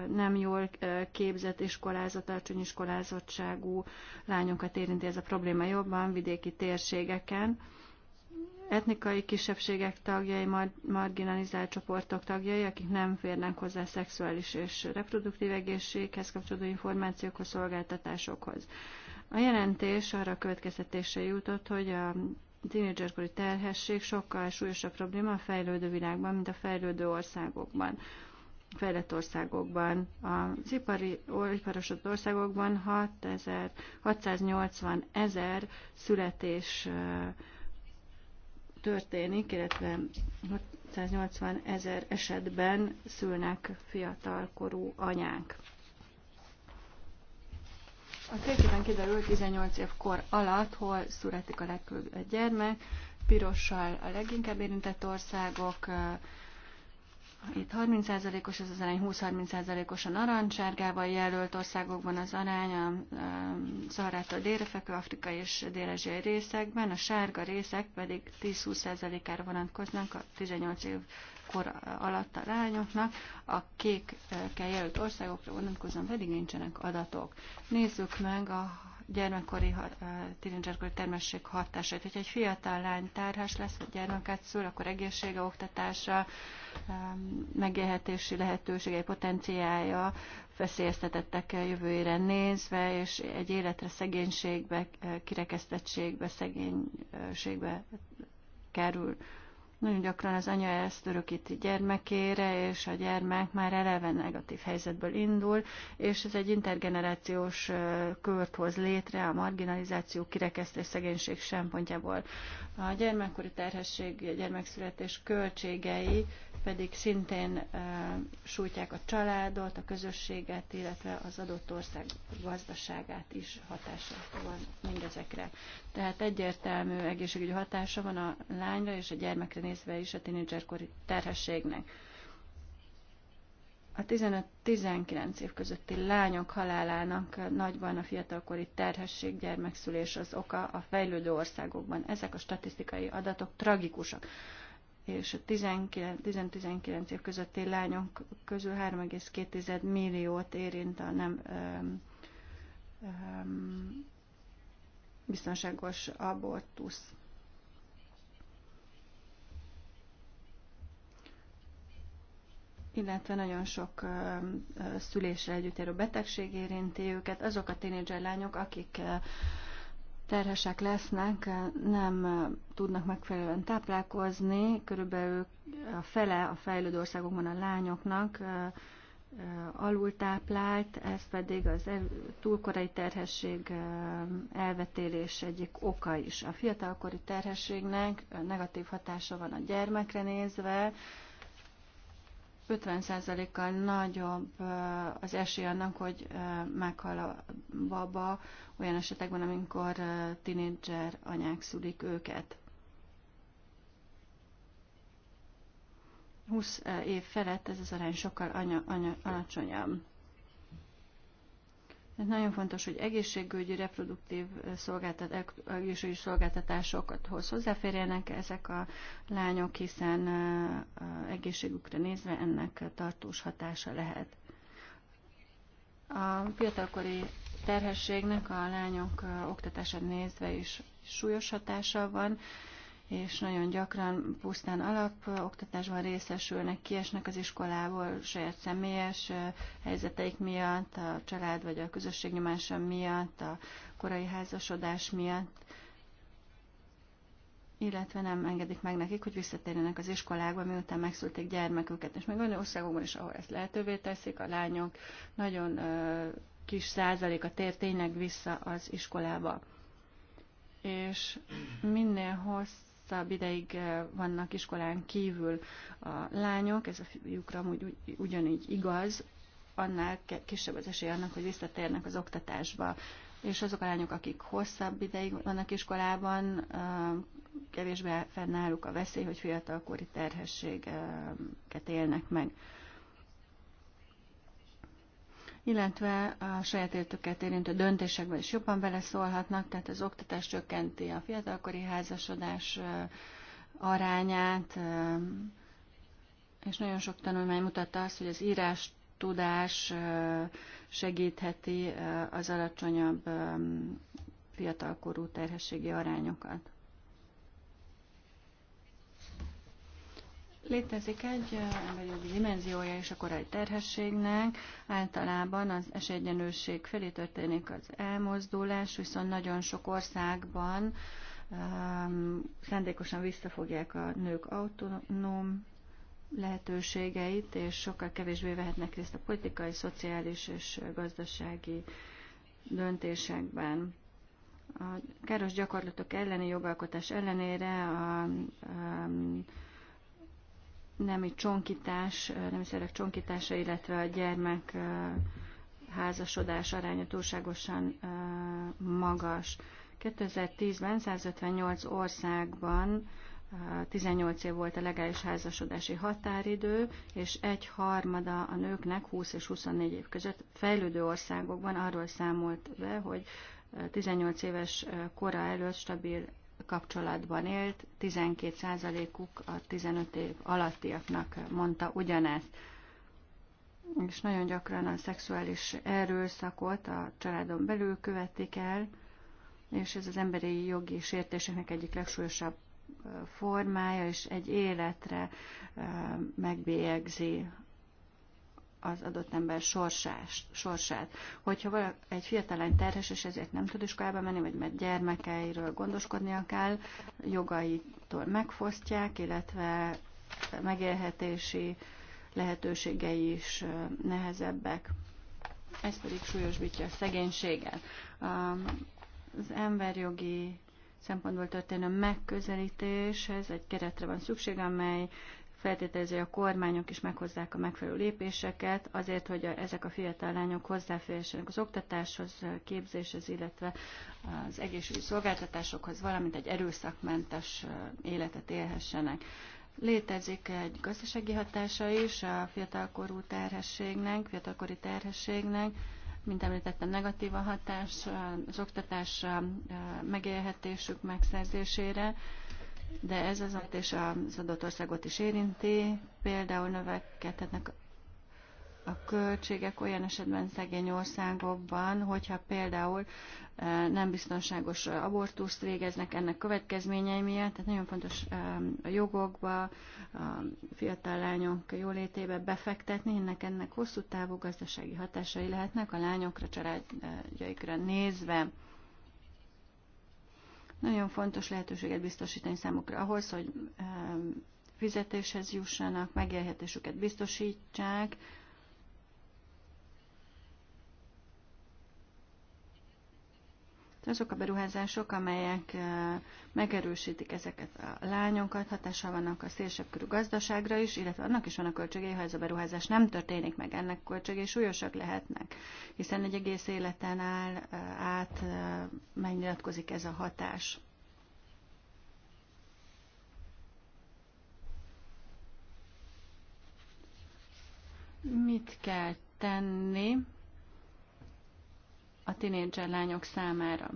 Speaker 4: nem jól képzett iskolázott, alacsony iskolázottságú lányokat érinti ez a probléma jobban vidéki térségeken etnikai kisebbségek tagjai, mar marginalizált csoportok tagjai, akik nem férnek hozzá szexuális és reproduktív egészséghez kapcsolódó információkhoz, szolgáltatásokhoz. A jelentés arra a következtetése jutott, hogy a tínédzserkori terhesség sokkal súlyosabb probléma a fejlődő világban, mint a fejlődő országokban fejlett országokban, az ipari, iparosodott országokban 6 ezer, 680 ezer születés történik, illetve 680 ezer esetben szülnek fiatalkorú anyák. A térképen kiderül 18 év kor alatt, hol születik a legtöbb gyermek, pirossal a leginkább érintett országok, itt 30%-os ez az arány, 20-30%-os a narancssárgával jelölt országokban az arány, a Szaharától délre fekvő Afrika és dél részekben, a sárga részek pedig 10-20%-ára vonatkoznak a 18 év kor alatt a lányoknak, a kékkel jelölt országokra vonatkozóan pedig nincsenek adatok. Nézzük meg a gyermekkori, tínédzserkori termesség hatásait. Hogyha egy fiatal lány tárhás lesz, vagy gyermeket szül, akkor egészsége, oktatása, megélhetési lehetőségei, potenciája veszélyeztetettek jövőjére nézve, és egy életre szegénységbe, kirekesztettségbe, szegénységbe kerül. Nagyon gyakran az anya ezt örökíti gyermekére, és a gyermek már eleve negatív helyzetből indul, és ez egy intergenerációs kört hoz létre a marginalizáció, kirekesztés, szegénység szempontjából. A gyermekkori terhesség, gyermekszületés költségei pedig szintén sújtják a családot, a közösséget, illetve az adott ország gazdaságát is hatása van mindezekre. Tehát egyértelmű egészségügyi hatása van a lányra és a gyermekre nézve is a tínédzserkori terhességnek a 15-19 év közötti lányok halálának nagyban a fiatalkori terhesség, gyermekszülés az oka a fejlődő országokban. Ezek a statisztikai adatok tragikusak és a 10-19 év közötti lányok közül 3,2 milliót érint a nem öm, öm, biztonságos abortusz. illetve nagyon sok szülésre együtt érő betegség érinti őket. Azok a tínédzser lányok, akik terhesek lesznek, nem tudnak megfelelően táplálkozni, körülbelül a fele a fejlődő országokban a lányoknak alultáplált, ez pedig az túlkorai terhesség elvetélés egyik oka is. A fiatalkori terhességnek negatív hatása van a gyermekre nézve, 50%-kal nagyobb az esély annak, hogy meghal a baba olyan esetekben, amikor tinédzser anyák szülik őket. 20 év felett ez az arány sokkal anya, anya, alacsonyabb. Tehát nagyon fontos, hogy egészségügyi, reproduktív szolgáltat, egészségügyi szolgáltatásokhoz hozzáférjenek ezek a lányok, hiszen egészségükre nézve ennek tartós hatása lehet. A fiatalkori terhességnek a lányok oktatását nézve is súlyos hatása van, és nagyon gyakran pusztán alapoktatásban részesülnek, kiesnek az iskolából saját személyes helyzeteik miatt, a család vagy a közösség nyomása miatt, a korai házasodás miatt, illetve nem engedik meg nekik, hogy visszatérjenek az iskolába, miután megszülték gyermeküket. És még olyan országokban is, ahol ezt lehetővé teszik, a lányok nagyon ö, kis százaléka tér tényleg vissza az iskolába. És minél hossz, hosszabb ideig eh, vannak iskolán kívül a lányok, ez a fiúkra amúgy ugyanígy igaz, annál kisebb az esély annak, hogy visszatérnek az oktatásba. És azok a lányok, akik hosszabb ideig vannak iskolában, eh, kevésbé fennálluk a veszély, hogy fiatalkori terhességet élnek meg illetve a saját életüket érintő döntésekbe is jobban beleszólhatnak, tehát az oktatás csökkenti a fiatalkori házasodás arányát, és nagyon sok tanulmány mutatta azt, hogy az írás tudás segítheti az alacsonyabb fiatalkorú terhességi arányokat. Létezik egy emberi dimenziója is a korai terhességnek. Általában az esélyegyenlőség felé történik az elmozdulás, viszont nagyon sok országban um, szándékosan visszafogják a nők autonóm lehetőségeit, és sokkal kevésbé vehetnek részt a politikai, szociális és gazdasági döntésekben. A káros gyakorlatok elleni jogalkotás ellenére a, a nemi csonkítás, nemi szerek csonkítása, illetve a gyermek házasodás aránya túlságosan magas. 2010-ben 158 országban 18 év volt a legális házasodási határidő, és egy harmada a nőknek 20 és 24 év között fejlődő országokban arról számolt be, hogy 18 éves kora előtt stabil kapcsolatban élt, 12%-uk a 15 év alattiaknak mondta ugyanezt. És nagyon gyakran a szexuális erőszakot a családon belül követik el, és ez az emberi jogi sértéseknek egyik legsúlyosabb formája, és egy életre megbélyegzi az adott ember sorsás, sorsát. Hogyha vala, egy fiatal lány terhes, és ezért nem tud iskolába menni, vagy mert gyermekeiről gondoskodnia kell, jogaitól megfosztják, illetve megélhetési lehetőségei is nehezebbek. Ez pedig súlyosbítja a szegénységet. Az emberjogi szempontból történő megközelítéshez egy keretre van szükség, amely feltételezi, hogy a kormányok is meghozzák a megfelelő lépéseket azért, hogy a, ezek a fiatal lányok hozzáférjenek az oktatáshoz, képzéshez, illetve az egészségügyi szolgáltatásokhoz, valamint egy erőszakmentes életet élhessenek. Létezik egy gazdasági hatása is a fiatalkorú terhességnek, fiatalkori terhességnek, mint említettem, negatív a hatás az oktatás megélhetésük megszerzésére, de ez az és az adott országot is érinti, például növekedhetnek a költségek olyan esetben szegény országokban, hogyha például eh, nem biztonságos abortuszt végeznek ennek következményei miatt, tehát nagyon fontos a jogokba, a fiatal lányok jólétébe befektetni, ennek ennek hosszú távú gazdasági hatásai lehetnek a lányokra, családjaikra nézve. Nagyon fontos lehetőséget biztosítani számukra ahhoz, hogy fizetéshez jussanak, megélhetésüket biztosítsák, azok a beruházások, amelyek megerősítik ezeket a lányokat, hatással vannak a szélsebb körű gazdaságra is, illetve annak is van a költségei, ha ez a beruházás nem történik meg, ennek költségei súlyosak lehetnek, hiszen egy egész életen áll át megnyilatkozik ez a hatás. Mit kell tenni? a tinédzser lányok számára.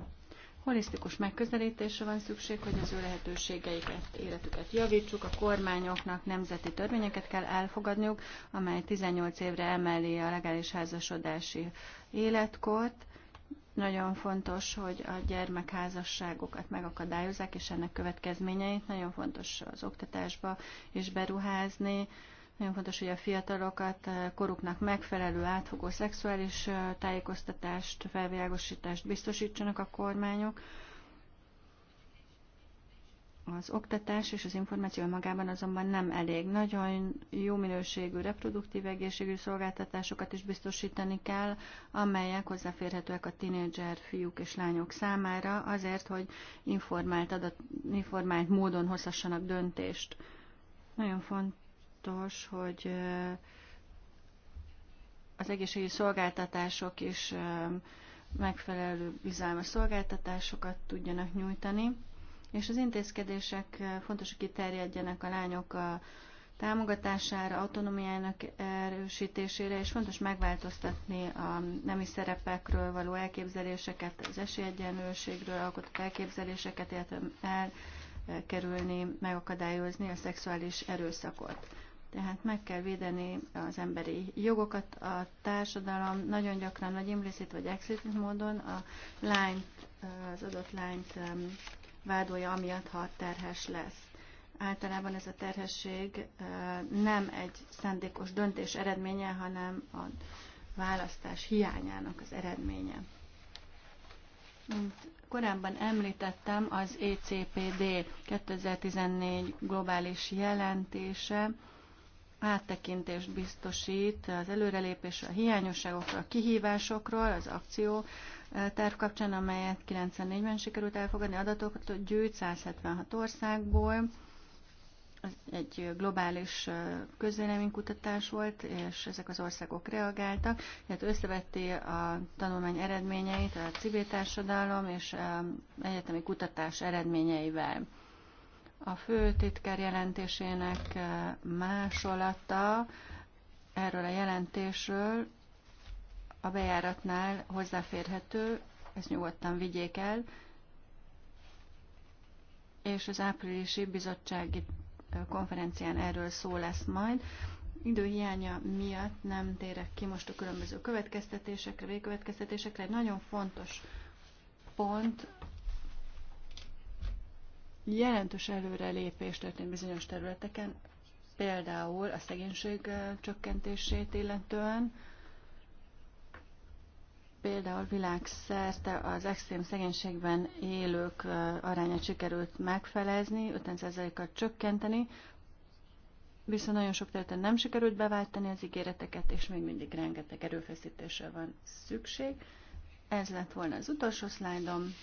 Speaker 4: Holisztikus megközelítésre van szükség, hogy az ő lehetőségeiket, életüket javítsuk. A kormányoknak nemzeti törvényeket kell elfogadniuk, amely 18 évre emeli a legális házasodási életkort. Nagyon fontos, hogy a gyermekházasságokat megakadályozzák, és ennek következményeit nagyon fontos az oktatásba is beruházni, nagyon fontos, hogy a fiatalokat eh, koruknak megfelelő átfogó szexuális eh, tájékoztatást, felvilágosítást biztosítsanak a kormányok. Az oktatás és az információ magában azonban nem elég. Nagyon jó minőségű reproduktív egészségű szolgáltatásokat is biztosítani kell, amelyek hozzáférhetőek a tinédzser fiúk és lányok számára, azért, hogy informált, adat, informált módon hozhassanak döntést. Nagyon fontos fontos, hogy az egészségügyi szolgáltatások is megfelelő bizalmas szolgáltatásokat tudjanak nyújtani, és az intézkedések fontos, hogy kiterjedjenek a lányok a támogatására, autonomiának erősítésére, és fontos megváltoztatni a nemi szerepekről való elképzeléseket, az esélyegyenlőségről alkotott elképzeléseket, illetve elkerülni, megakadályozni a szexuális erőszakot. Tehát meg kell védeni az emberi jogokat. A társadalom nagyon gyakran vagy implicit vagy explicit módon a lányt, az adott lányt vádolja, amiatt, ha terhes lesz. Általában ez a terhesség nem egy szándékos döntés eredménye, hanem a választás hiányának az eredménye. Mint korábban említettem, az ECPD 2014 globális jelentése áttekintést biztosít az előrelépésről, a hiányosságokra, a kihívásokról, az akció terv kapcsán, amelyet 94-ben sikerült elfogadni, adatokat gyűjt 176 országból. Ez egy globális közvéleménykutatás volt, és ezek az országok reagáltak. Tehát összevetti a tanulmány eredményeit a civil társadalom és egyetemi kutatás eredményeivel. A főtitkár jelentésének eh, másolata erről a jelentésről a bejáratnál hozzáférhető, ezt nyugodtan vigyék el, és az áprilisi bizottsági eh, konferencián erről szó lesz majd. Időhiánya miatt nem térek ki most a különböző következtetésekre, végkövetkeztetésekre. Egy nagyon fontos pont jelentős előrelépés történt bizonyos területeken, például a szegénység csökkentését illetően, például világszerte az extrém szegénységben élők arányát sikerült megfelezni, 50%-kal csökkenteni, viszont nagyon sok területen nem sikerült beváltani az ígéreteket, és még mindig rengeteg erőfeszítésre van szükség. Ez lett volna az utolsó szlájdom.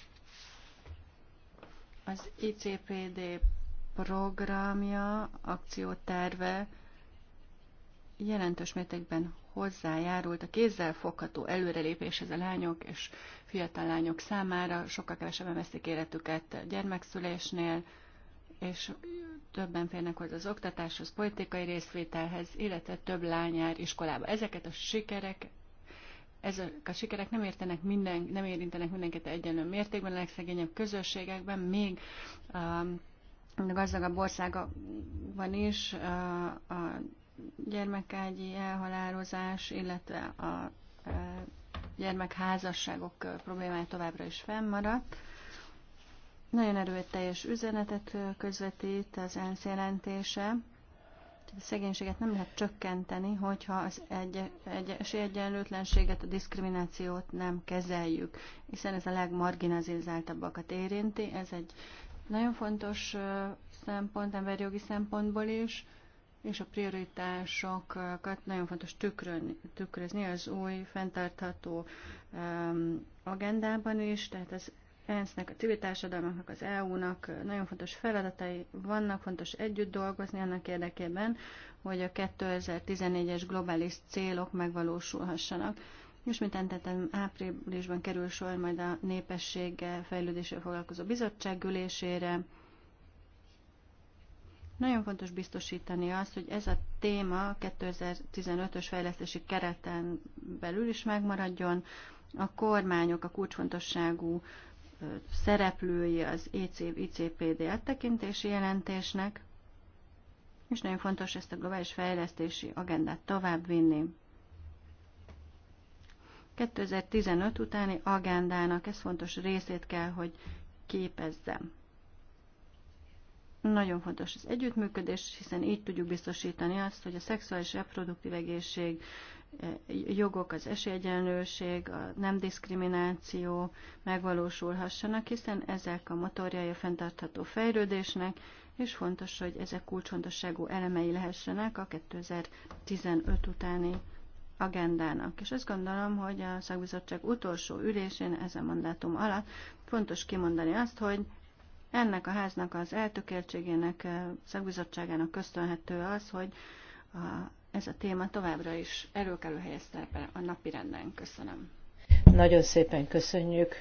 Speaker 4: Az ICPD programja, akcióterve jelentős mértékben hozzájárult a kézzel fogható előrelépéshez a lányok és fiatal lányok számára. Sokkal kevesebben veszik életüket gyermekszülésnél, és többen férnek hozzá az oktatáshoz, politikai részvételhez, illetve több lány jár iskolába. Ezeket a sikerek ezek a sikerek nem, értenek minden, nem érintenek mindenkit egyenlő mértékben, a legszegényebb közösségekben, még a um, gazdagabb országban is uh, a gyermekágyi elhalálozás, illetve a uh, gyermekházasságok uh, problémája továbbra is fennmaradt. Nagyon erőteljes üzenetet közvetít az ENSZ jelentése a szegénységet nem lehet csökkenteni, hogyha az egy, egy esélyegyenlőtlenséget, a diszkriminációt nem kezeljük, hiszen ez a legmarginalizáltabbakat érinti. Ez egy nagyon fontos szempont, emberjogi szempontból is, és a prioritásokat nagyon fontos tükrön, tükrözni az új fenntartható um, agendában is, tehát ez ENSZ-nek, a civil társadalmaknak, az EU-nak nagyon fontos feladatai vannak, fontos együtt dolgozni annak érdekében, hogy a 2014-es globális célok megvalósulhassanak. És mint tettem, áprilisban kerül sor majd a népességgel, fejlődéssel foglalkozó bizottság ülésére. Nagyon fontos biztosítani azt, hogy ez a téma 2015-ös fejlesztési kereten belül is megmaradjon. A kormányok a kulcsfontosságú szereplői az e ICPD áttekintési jelentésnek, és nagyon fontos ezt a globális fejlesztési agendát továbbvinni. 2015 utáni agendának ez fontos részét kell, hogy képezzem. Nagyon fontos az együttműködés, hiszen így tudjuk biztosítani azt, hogy a szexuális reproduktív egészség, jogok, az esélyegyenlőség, a nem diszkrimináció megvalósulhassanak, hiszen ezek a motorjai a fenntartható fejlődésnek, és fontos, hogy ezek kulcsfontosságú elemei lehessenek a 2015 utáni agendának. És azt gondolom, hogy a szakbizottság utolsó ülésén, ezen mandátum alatt fontos kimondani azt, hogy ennek a háznak az eltökéltségének, eh, szakbizottságának köszönhető az, hogy a ez a téma továbbra is erőkelő helyezte szerepel a napi renden. Köszönöm.
Speaker 2: Nagyon szépen köszönjük.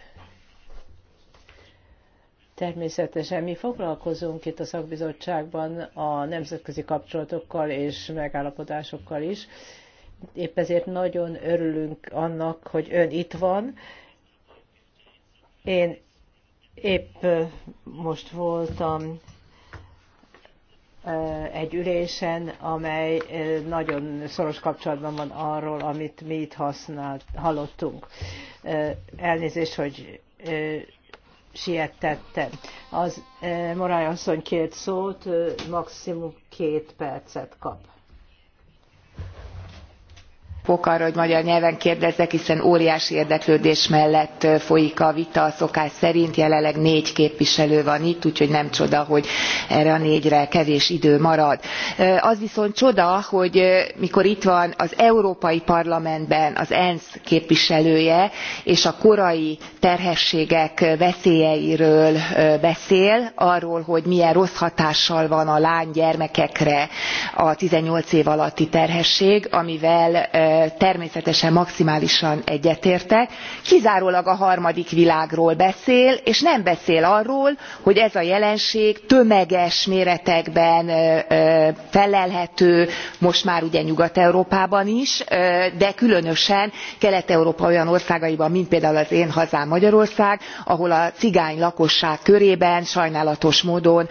Speaker 2: Természetesen mi foglalkozunk itt a szakbizottságban a nemzetközi kapcsolatokkal és megállapodásokkal is. Épp ezért nagyon örülünk annak, hogy ön itt van. Én épp most voltam Eh, egy ülésen, amely eh, nagyon szoros kapcsolatban van arról, amit mi itt használt, hallottunk. Eh, elnézést, hogy sietettem. Az Morály asszony két szót, maximum két percet kap
Speaker 3: ok arra hogy magyar nyelven kérdezzek hiszen óriási érdeklődés mellett folyik a vita szokás szerint jelenleg négy képviselő van itt úgyhogy nem csoda hogy erre a négyre kevés idő marad. az viszont csoda hogy mikor itt van az európai parlamentben az ensz képviselője és a korai terhességek veszélyeiről beszél arról hogy milyen rossz hatással van a lánygyermekekre a eighteen év alatti terhesség amivel természetesen maximálisan egyetértek kizárólag a harmadik világról beszél és nem beszél arról hogy ez a jelenség tömeges méretekben fellelhető most már ugye nyugat európában is de különösen kelet európa olyan országaiban mint például az én hazám magyarország ahol a cigány lakosság körében sajnálatos módon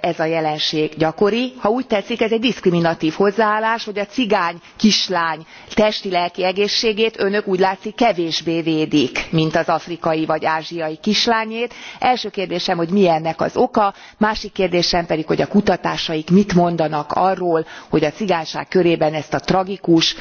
Speaker 3: ez a jelenség gyakori. ha úgy tetszik ez egy diszkriminatv hozzáállás hogy a cigány kislány testi lelki egészségét önök úgy látszik kevésbé védik mint az afrikai vagy ázsiai kislányét. első kérdésem hogy mi ennek az oka másik kérdésem pedig hogy a kutatásaik mit mondanak arról hogy a cigányság körében ezt a tragikus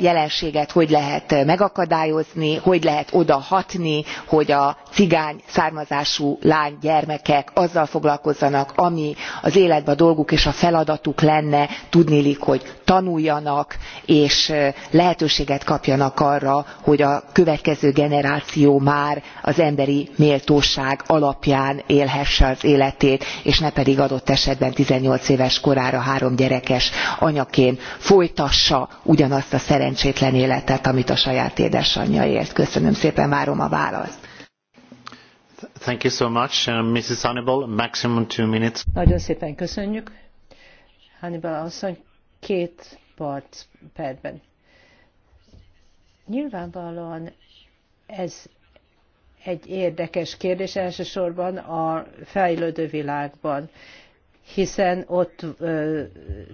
Speaker 3: jelenséget hogy lehet megakadályozni hogy lehet oda hatni hogy a cigány származású lánygyermekek azzal foglalkozzanak ami az életben a dolguk és a feladatuk lenne tudniillik hogy tanuljanak és lehetőséget kapjanak arra hogy a következő generáció már az emberi méltóság alapján élhesse az életét és ne pedig adott esetben eighteen éves korára háromgyerekes anyaként folytassa ugyanazt a szerencsétlen életet amit a saját édesanyja élt. köszönöm szépen várom a választ.
Speaker 1: So much, Hannibal, uh,
Speaker 2: nagyon szépen köszönjük. Hannibal asszony, két part, percben. Nyilvánvalóan ez egy érdekes kérdés elsősorban a fejlődő világban, hiszen ott ö,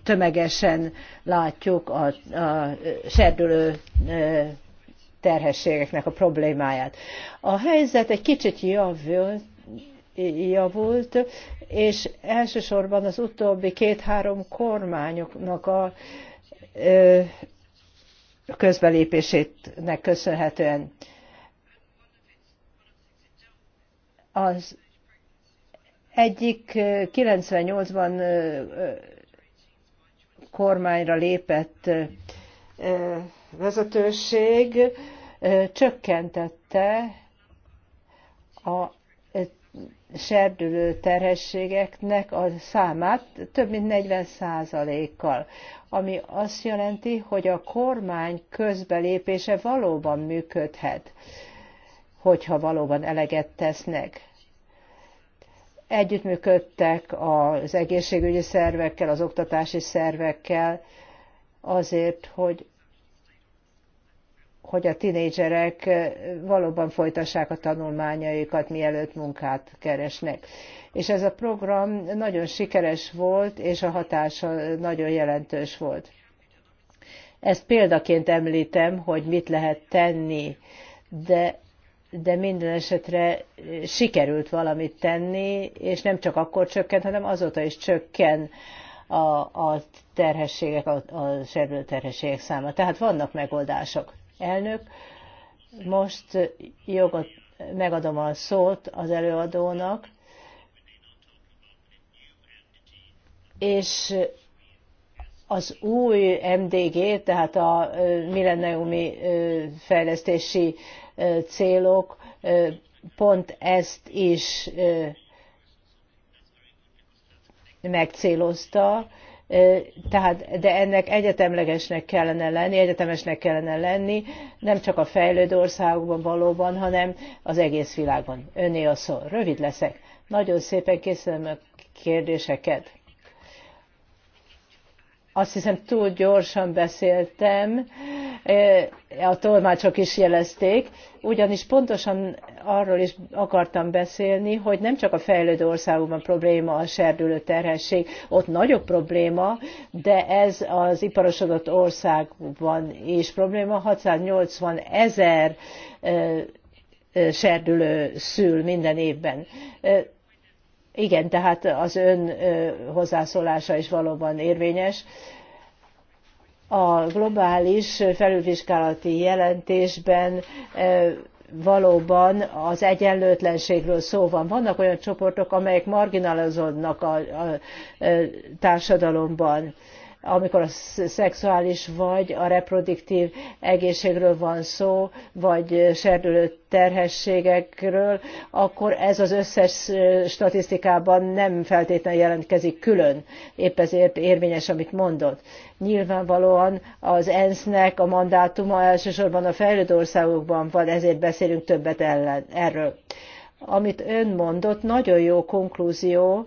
Speaker 2: tömegesen látjuk a, a serdülő ö, terhességeknek a problémáját. A helyzet egy kicsit javult, javult, és elsősorban az utóbbi két-három kormányoknak a közbelépésének köszönhetően. Az egyik 98-ban kormányra lépett vezetőség csökkentette a serdülő terhességeknek a számát több mint 40 százalékkal, ami azt jelenti, hogy a kormány közbelépése valóban működhet, hogyha valóban eleget tesznek. Együttműködtek az egészségügyi szervekkel, az oktatási szervekkel azért, hogy hogy a tinédzserek valóban folytassák a tanulmányaikat, mielőtt munkát keresnek. És ez a program nagyon sikeres volt, és a hatása nagyon jelentős volt. Ezt példaként említem, hogy mit lehet tenni, de, de minden esetre sikerült valamit tenni, és nem csak akkor csökkent, hanem azóta is csökken a, a terhességek, a, a terhességek száma. Tehát vannak megoldások elnök. Most jogot, megadom a szót az előadónak, és az új MDG, tehát a milleniumi fejlesztési célok pont ezt is megcélozta, tehát, de ennek egyetemlegesnek kellene lenni, egyetemesnek kellene lenni, nem csak a fejlődő országokban valóban, hanem az egész világban. Öné a szó. Rövid leszek. Nagyon szépen készülöm a kérdéseket azt hiszem túl gyorsan beszéltem, a tolmácsok is jelezték, ugyanis pontosan arról is akartam beszélni, hogy nem csak a fejlődő országokban probléma a serdülő terhesség, ott nagyobb probléma, de ez az iparosodott országban is probléma, 680 ezer serdülő szül minden évben. Igen, tehát az ön hozzászólása is valóban érvényes. A globális felülvizsgálati jelentésben valóban az egyenlőtlenségről szó van. Vannak olyan csoportok, amelyek marginalizódnak a, a, a társadalomban amikor a szexuális vagy a reproduktív egészségről van szó, vagy serdülő terhességekről, akkor ez az összes statisztikában nem feltétlenül jelentkezik külön. Épp ezért érvényes, amit mondott. Nyilvánvalóan az ENSZ-nek a mandátuma elsősorban a fejlődő országokban van, ezért beszélünk többet ellen, erről. Amit ön mondott, nagyon jó konklúzió,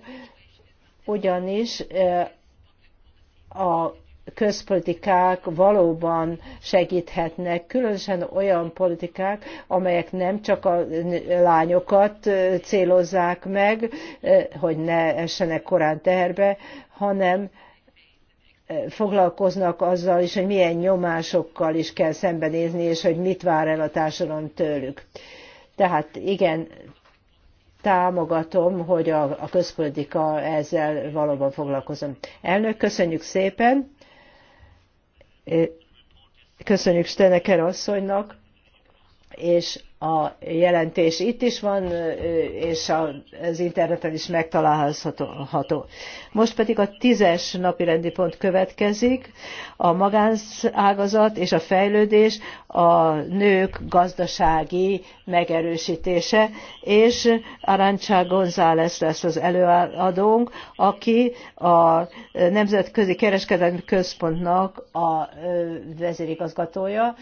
Speaker 2: ugyanis eh, a közpolitikák valóban segíthetnek, különösen olyan politikák, amelyek nem csak a lányokat célozzák meg, hogy ne essenek korán teherbe, hanem foglalkoznak azzal is, hogy milyen nyomásokkal is kell szembenézni, és hogy mit vár el a társadalom tőlük. Tehát igen, támogatom, hogy a, a közpolitika ezzel valóban foglalkozom. Elnök, köszönjük szépen. Köszönjük Steneker asszonynak, és a jelentés itt is van, és az interneten is megtalálható. Most pedig a tízes napi rendi pont következik, a magánágazat és a fejlődés, a nők gazdasági megerősítése, és Arancsá González lesz az előadónk, aki a Nemzetközi Kereskedelmi Központnak a vezérigazgatója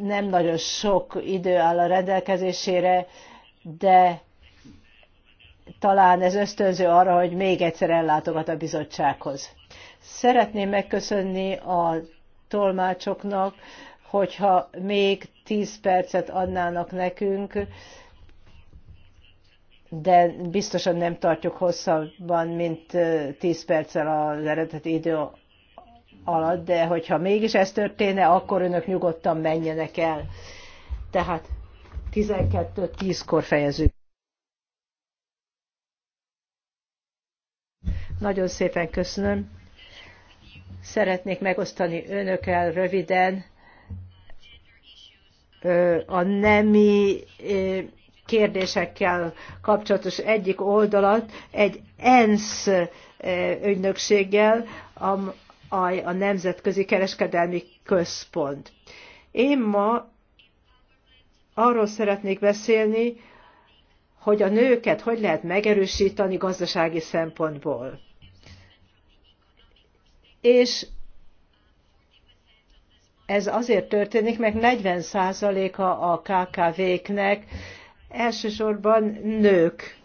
Speaker 2: nem nagyon sok idő áll a rendelkezésére, de talán ez ösztönző arra, hogy még egyszer ellátogat a bizottsághoz. Szeretném megköszönni a tolmácsoknak, hogyha még 10 percet adnának nekünk, de biztosan nem tartjuk hosszabban, mint 10 perccel az eredeti idő alatt, de hogyha mégis ez történne, akkor önök nyugodtan menjenek el. Tehát 12-10-kor fejezünk. Nagyon szépen köszönöm. Szeretnék megosztani önökkel röviden a nemi kérdésekkel kapcsolatos egyik oldalat egy ENSZ ügynökséggel, a Nemzetközi Kereskedelmi Központ. Én ma arról szeretnék beszélni, hogy a nőket hogy lehet megerősíteni gazdasági szempontból. És ez azért történik, mert 40%-a a, a KKV-knek elsősorban nők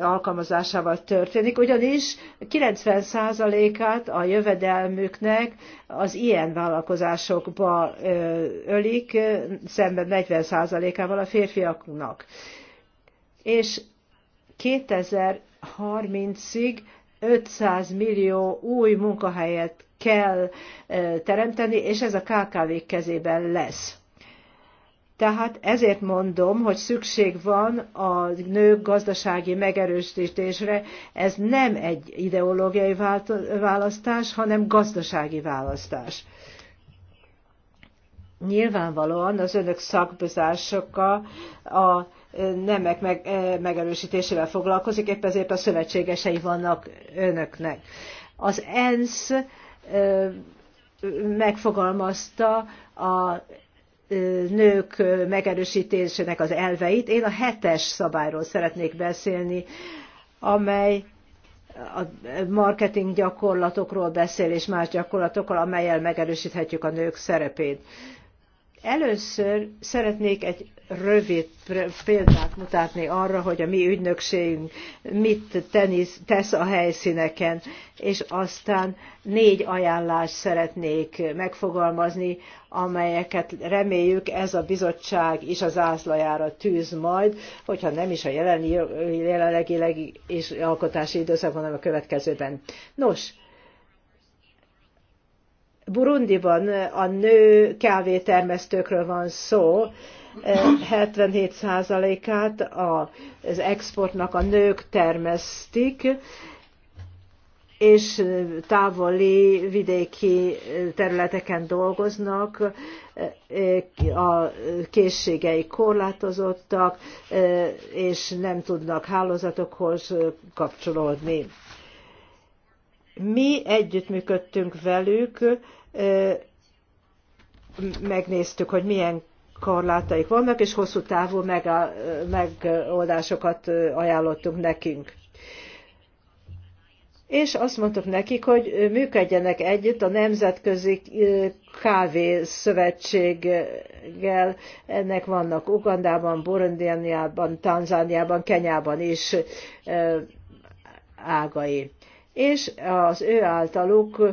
Speaker 2: alkalmazásával történik, ugyanis 90%-át a jövedelmüknek az ilyen vállalkozásokba ölik, szemben 40%-ával a férfiaknak. És 2030-ig 500 millió új munkahelyet kell teremteni, és ez a KKV kezében lesz. Tehát ezért mondom, hogy szükség van a nők gazdasági megerősítésre. Ez nem egy ideológiai választás, hanem gazdasági választás. Nyilvánvalóan az önök szakbizásokkal a nemek meg, e, megerősítésével foglalkozik, épp ezért a szövetségesei vannak önöknek. Az ENSZ e, megfogalmazta a nők megerősítésének az elveit. Én a hetes szabályról szeretnék beszélni, amely a marketing gyakorlatokról beszél, és más gyakorlatokról, amelyel megerősíthetjük a nők szerepét. Először szeretnék egy rövid példát mutatni arra, hogy a mi ügynökségünk mit tenisz, tesz a helyszíneken, és aztán négy ajánlást szeretnék megfogalmazni, amelyeket reméljük ez a bizottság is az ászlajára tűz majd, hogyha nem is a jelen, jelenlegi és alkotási időszakban, hanem a következőben. Nos, Burundiban a nő kávétermesztőkről van szó, 77%-át az exportnak a nők termesztik, és távoli vidéki területeken dolgoznak, a készségei korlátozottak, és nem tudnak hálózatokhoz kapcsolódni. Mi együttműködtünk velük, megnéztük, hogy milyen korlátaik vannak, és hosszú távú megoldásokat ajánlottunk nekünk. És azt mondtuk nekik, hogy működjenek együtt a Nemzetközi Kávészövetséggel. Ennek vannak Ugandában, Burundiában, Tanzániában, Kenyában is ágai és az ő általuk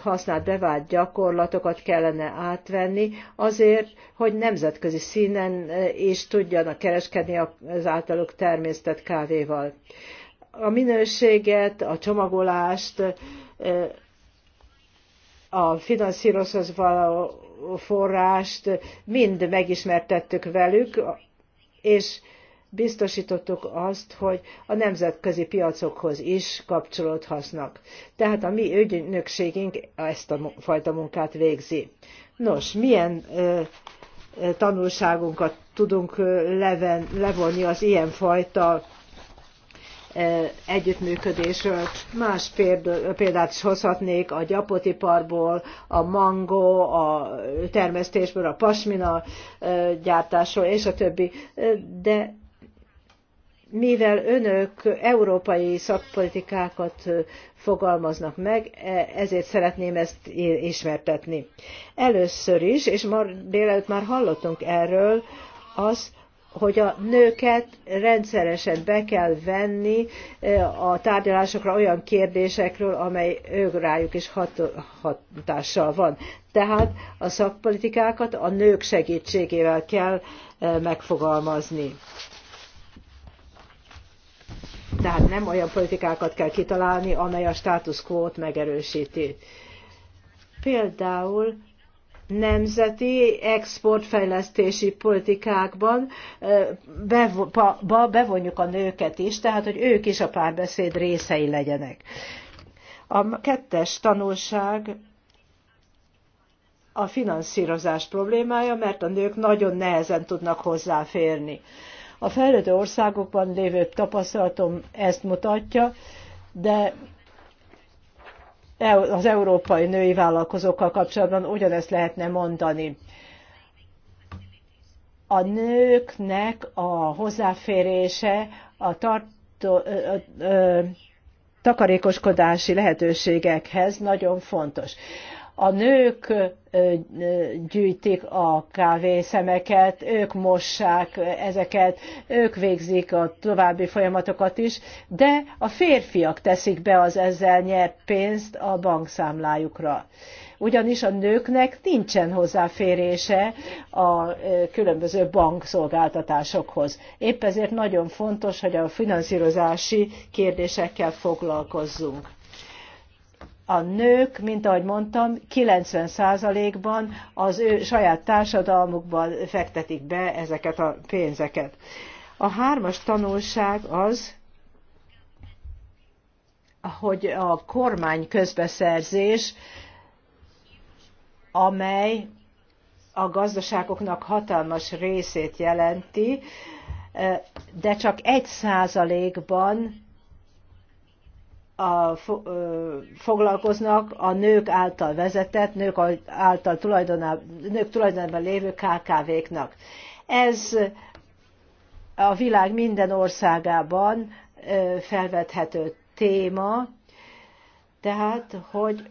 Speaker 2: használt bevált gyakorlatokat kellene átvenni azért, hogy nemzetközi színen is tudjanak kereskedni az általuk természtett kávéval. A minőséget, a csomagolást, a finanszírozhoz való forrást mind megismertettük velük, és biztosítottuk azt, hogy a nemzetközi piacokhoz is kapcsolódhatnak. Tehát a mi ügynökségünk ezt a fajta munkát végzi. Nos, milyen ö, tanulságunkat tudunk leven, levonni az ilyenfajta együttműködésről. Más példát is hozhatnék a gyapotiparból, a mango, a termesztésből, a pasmina gyártásról és a többi, de mivel önök európai szakpolitikákat fogalmaznak meg, e, ezért szeretném ezt ismertetni. Először is, és ma délelőtt már hallottunk erről, az, hogy a nőket rendszeresen be kell venni a tárgyalásokra olyan kérdésekről, amely ők rájuk is hat, hatással van. Tehát a szakpolitikákat a nők segítségével kell megfogalmazni tehát nem olyan politikákat kell kitalálni, amely a status quo-t megerősíti. Például nemzeti exportfejlesztési politikákban bevonjuk a nőket is, tehát hogy ők is a párbeszéd részei legyenek. A kettes tanulság a finanszírozás problémája, mert a nők nagyon nehezen tudnak hozzáférni a fejlődő országokban lévő tapasztalatom ezt mutatja, de e- az európai női vállalkozókkal kapcsolatban ugyanezt lehetne mondani. A nőknek a hozzáférése a tartó, ö, ö, takarékoskodási lehetőségekhez nagyon fontos a nők gyűjtik a kávészemeket, ők mossák ezeket, ők végzik a további folyamatokat is, de a férfiak teszik be az ezzel nyert pénzt a bankszámlájukra. Ugyanis a nőknek nincsen hozzáférése a különböző bankszolgáltatásokhoz. Épp ezért nagyon fontos, hogy a finanszírozási kérdésekkel foglalkozzunk a nők, mint ahogy mondtam, 90%-ban az ő saját társadalmukban fektetik be ezeket a pénzeket. A hármas tanulság az, hogy a kormány közbeszerzés, amely a gazdaságoknak hatalmas részét jelenti, de csak egy százalékban a, foglalkoznak a nők által vezetett, nők által tulajdonában, nők tulajdonában lévő KKV-knak. Ez a világ minden országában felvethető téma, tehát, hogy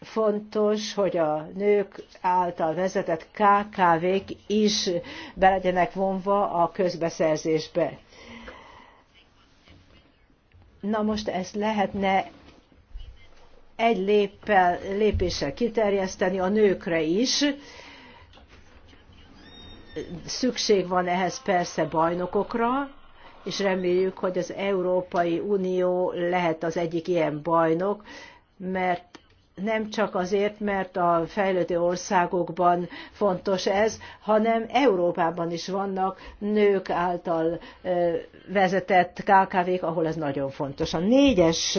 Speaker 2: fontos, hogy a nők által vezetett KKV-k is be legyenek vonva a közbeszerzésbe. Na most ezt lehetne egy léppel, lépéssel kiterjeszteni a nőkre is. Szükség van ehhez persze bajnokokra, és reméljük, hogy az Európai Unió lehet az egyik ilyen bajnok, mert nem csak azért, mert a fejlődő országokban fontos ez, hanem Európában is vannak nők által vezetett KKV-k, ahol ez nagyon fontos. A négyes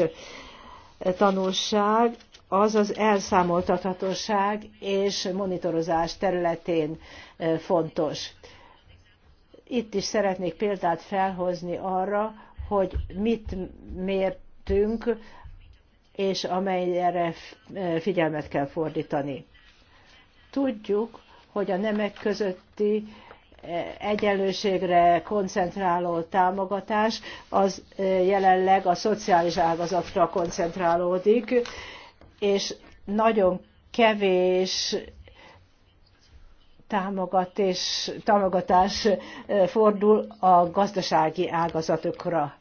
Speaker 2: tanulság az az elszámoltathatóság és monitorozás területén fontos. Itt is szeretnék példát felhozni arra, hogy mit mértünk és amelyre eh, figyelmet kell fordítani. Tudjuk, hogy a nemek közötti eh, egyenlőségre koncentráló támogatás az eh, jelenleg a szociális ágazatra koncentrálódik, és nagyon kevés támogatás, fordul a gazdasági ágazatokra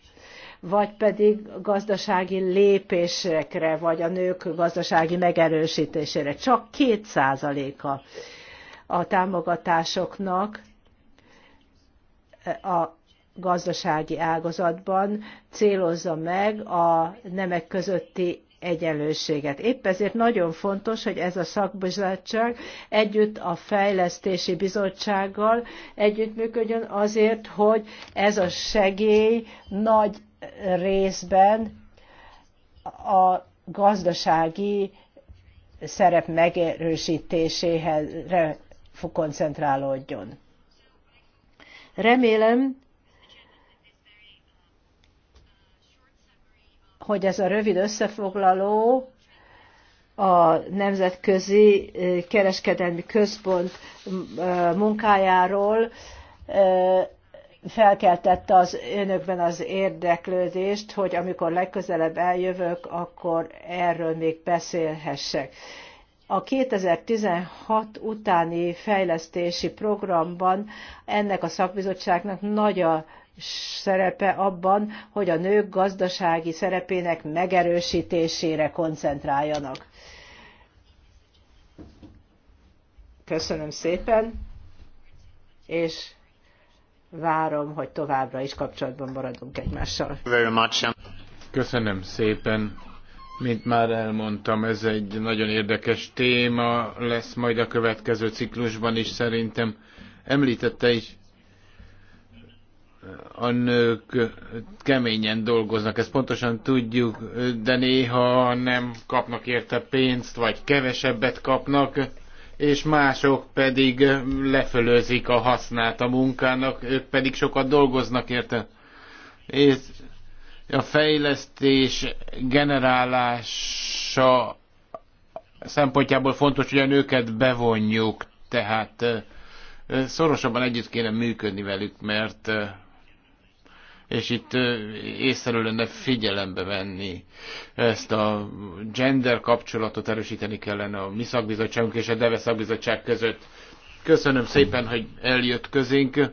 Speaker 2: vagy pedig gazdasági lépésekre, vagy a nők gazdasági megerősítésére. Csak 2%-a a támogatásoknak a gazdasági ágazatban célozza meg a nemek közötti egyenlőséget. Épp ezért nagyon fontos, hogy ez a szakbizottság együtt a fejlesztési bizottsággal együttműködjön azért, hogy ez a segély nagy részben a gazdasági szerep megerősítéséhez fog koncentrálódjon. Remélem, hogy ez a rövid összefoglaló a Nemzetközi Kereskedelmi Központ munkájáról felkeltette az önökben az érdeklődést, hogy amikor legközelebb eljövök, akkor erről még beszélhessek. A 2016 utáni fejlesztési programban ennek a szakbizottságnak nagy a szerepe abban, hogy a nők gazdasági szerepének megerősítésére koncentráljanak. Köszönöm szépen, és várom, hogy továbbra is kapcsolatban maradunk egymással.
Speaker 1: Köszönöm szépen. Mint már elmondtam, ez egy nagyon érdekes téma lesz majd a következő ciklusban is szerintem. Említette is, a nők keményen dolgoznak, ezt pontosan tudjuk, de néha nem kapnak érte pénzt, vagy kevesebbet kapnak és mások pedig lefölözik a hasznát a munkának, ők pedig sokat dolgoznak érte. És a fejlesztés generálása szempontjából fontos, hogy a nőket bevonjuk, tehát szorosabban együtt kéne működni velük, mert és itt észre lenne figyelembe venni ezt a gender kapcsolatot erősíteni kellene a mi szakbizottságunk és a DEVE szakbizottság között. Köszönöm szépen, hogy eljött közénk.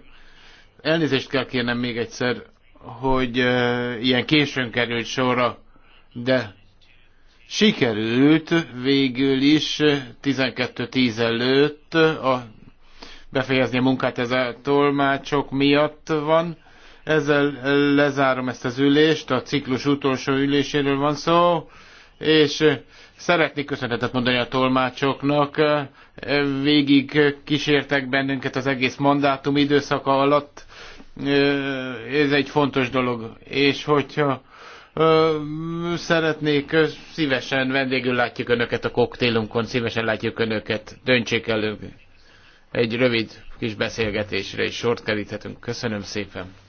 Speaker 1: Elnézést kell kérnem még egyszer, hogy ilyen későn került sorra, de sikerült végül is 12-10 előtt a befejezni a munkát, ez a tolmácsok miatt van. Ezzel lezárom ezt az ülést, a ciklus utolsó üléséről van szó, és eh, szeretnék köszönetet mondani a tolmácsoknak. Eh, végig kísértek bennünket az egész mandátum időszaka alatt. Eh, ez egy fontos dolog. És hogyha szeretnék, szívesen vendégül látjuk Önöket a koktélunkon, szívesen látjuk Önöket, döntsék elő. Egy rövid kis beszélgetésre és sort keríthetünk. Köszönöm szépen!